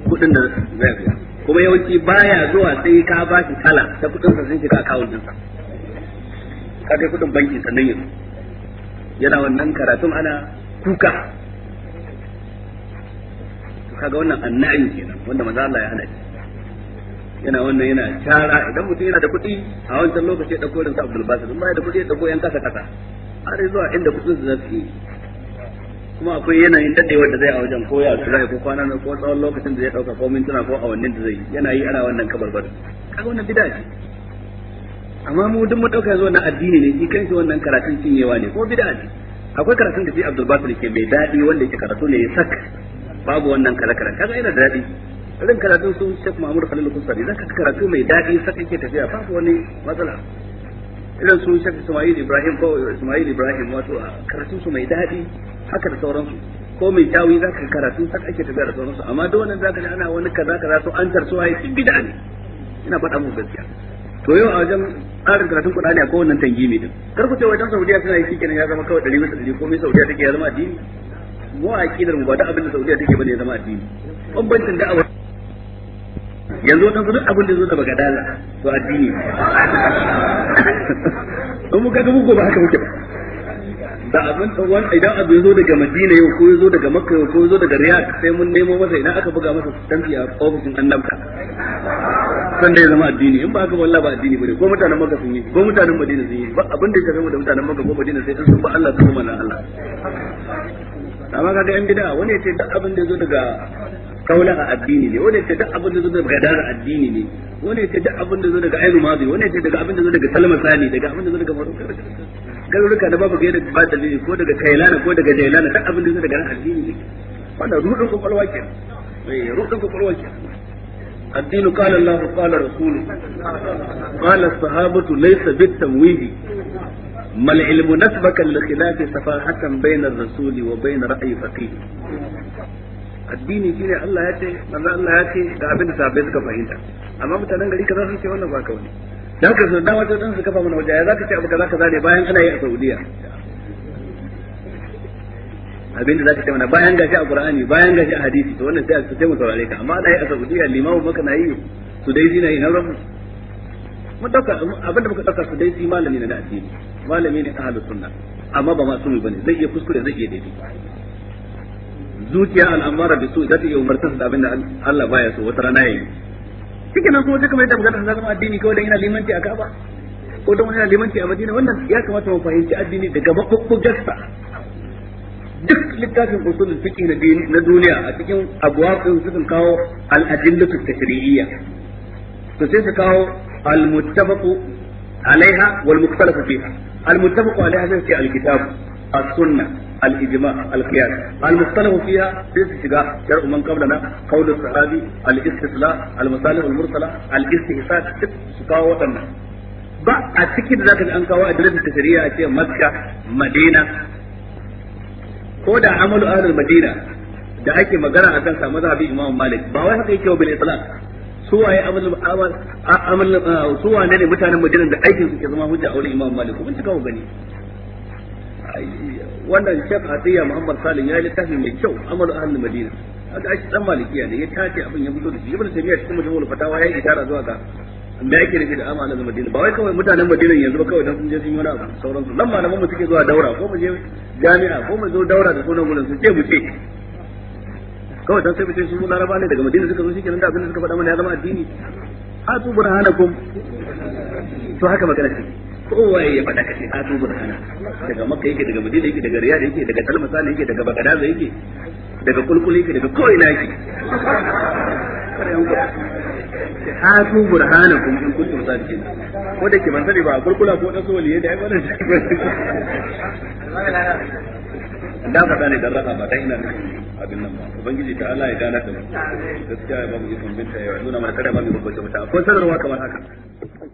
kudin da zai biya kuma yawanci baya zuwa sai ka ba shi sala ta kudin sa sun shiga akawun ɗinsa ka kai kudin banki sannan yanzu yana wannan karatun ana kuka kaga wannan annayin kenan wanda maza Allah ya hana shi yana wannan yana tara idan mutum yana da kuɗi a wancan lokaci ya dauko irinsa Abdul Basir in ba da kuɗi ya dauko yan kasa kasa har zuwa inda kuɗin su za yi kuma akwai yanayin dadewar da zai a wajen ko ya tura ko kwana ko tsawon lokacin da zai dauka ko mintuna ko awannin da zai yana yi ana wannan kabarbar kaga wannan bid'a ce amma mu duk mu dauka yanzu wannan addini ne shi kanshi wannan karatun cinyewa ne ko bid'a ne akwai karatun da shi Abdul Basir ke mai dadi wanda yake karatu ne ya sak babu wannan kala kala kaga yana da dadi irin karatun su Sheikh Muhammad Khalil Kusari zaka karatu mai dadi sak yake tafiya babu wani matsala irin su Sheikh Ismail Ibrahim ko Ismail Ibrahim wato karatun su mai dadi haka da sauransu ko mai tawi zaka karatu sak ake tafiya da sauransu amma duk wannan zaka ji ana wani kaza kaza to an tarso ai bid'a ne ina faɗa mu gaskiya to yau a wajen karin karatun a kowannan tangi mai din kar ku ce wajen Saudiya suna yi shikenan ya zama kawai dari bisa dari komai Saudiya take ya zama addini mu a kidar mu ba da abin da Saudiya take bane ya zama addini bambancin da'awa yanzu wata duk abin da zo daga gadala to addini in mu ga muku ba haka muke ba da abin tsawon idan abu ya zo daga Madina yau ko ya zo daga Makka yau ko ya zo daga Riyadh sai mun nemo masa idan aka buga masa tafiya a ofishin annabta da ya zama addini in ba haka wallahi ba addini bane ko mutanen maka sun yi ko mutanen madina sun yi ba abin da ya zama da mutanen maka ko madina sai sun ba Allah sun mana Allah amma kaga yan bid'a wani ya ce duk abin da ya zo daga kaula a addini ne wani ya ce duk abin da ya zo daga gadara addini ne wani ya ce duk abin da ya zo daga ainu mazi wani ya ce daga abin da ya zo daga salma sani daga abin da ya zo daga marokar garuruka da babu gaida ba dalili ko daga kailana ko daga jailana duk abin da ya zo daga addini ne wannan rudin kwakwalwa ke rudin kwakwalwa kenan eh, الدين قال الله قال رسوله قال الصحابة ليس بالتمويه ما العلم نسبك لخلاف سفاحة بين الرسول وبين رأي فقيه addini shine Allah ya ce manzo Allah ya ce ga abin da sabai suka fahimta amma mutanen gari kaza sun ce wannan ba kawai da haka sun dawo dan su kafa mana waje ya aka ce abu kaza kaza ne a Saudiya abinda zaka ce mana bayan gashi a Qur'ani bayan gashi a hadisi to wannan sai a sai mu saurare ka amma da yi a Saudiya limamu maka na yi su dai dina yi na mu dauka abinda muka dauka su dai su malami ne na addini malami ne ahlus sunna amma ba ma sumi bane zai iya kuskure zai iya daidai zuciya al'amara da su da ta iya umartar da abinda Allah baya so wata rana yayi cikin nan kuma duka mai da bukatar zama addini kawai dan yana limanci a Ka'aba ko dan yana limanci a Madina wannan ya kamata mu fahimci addini daga mabubbugarsa duk littafin usulul fiqh na duniya a cikin abwaqin sukan kawo al adillatu tashri'iyya to sai su kawo al muttafaqu alaiha wal mukhtalafu fiha al muttafaqu alaiha sai al kitab as sunna al ijma al qiyas al mukhtalafu fiha sai su shiga yar umman qablana qawl as sahabi al istithla al masalih al mursala al istihsan su kawo wadannan ba a cikin zaka an kawo adillatul tashri'iyya a ce makka madina ko da amalu ahlul madina da ake magana akan sa mazhabi imam malik ba wai haka yake bil islam su waye amal su wane ne mutanen madina da aikin su ke zama hujja aure imam malik kun cika gani wannan shek atiya muhammad salim ya yi littafi mai kyau amalu ahlul madina haka shi dan malikiya ne ya tace abin ya fito da shi ibnu taymiya cikin majmu'ul fatawa ya yi isharar zuwa ga da yake rike da amana da madina ba wai kawai mutanen madina yanzu ba kawai dan sun je sun yi wani abu su nan malaman mu suke zuwa daura ko mu je jami'a ko mu zo daura da sunan gurin su ce mu ce kawai dan sai mu ce su laraba ne daga madina suka zo shi kenan da abin da suka faɗa mana ya zama addini atu burhanakum to haka magana ce waye ya faɗa kace atu burhana daga makka yake daga madina yake daga riyad yake daga talmasa yake daga bagadaza yake daga kulkul yake daga ko'ina yake hatu burhana kun in kuntum sadiqin ko da ke ban sani ba kurkula ko da soli da ai wannan da fata ne da raka ba dai nan abin nan ba ubangiji ta Allah ya dana da gaskiya ba mu yi kumbinta yau nuna mana kada ba mu yi kumbinta ko sanarwa kamar haka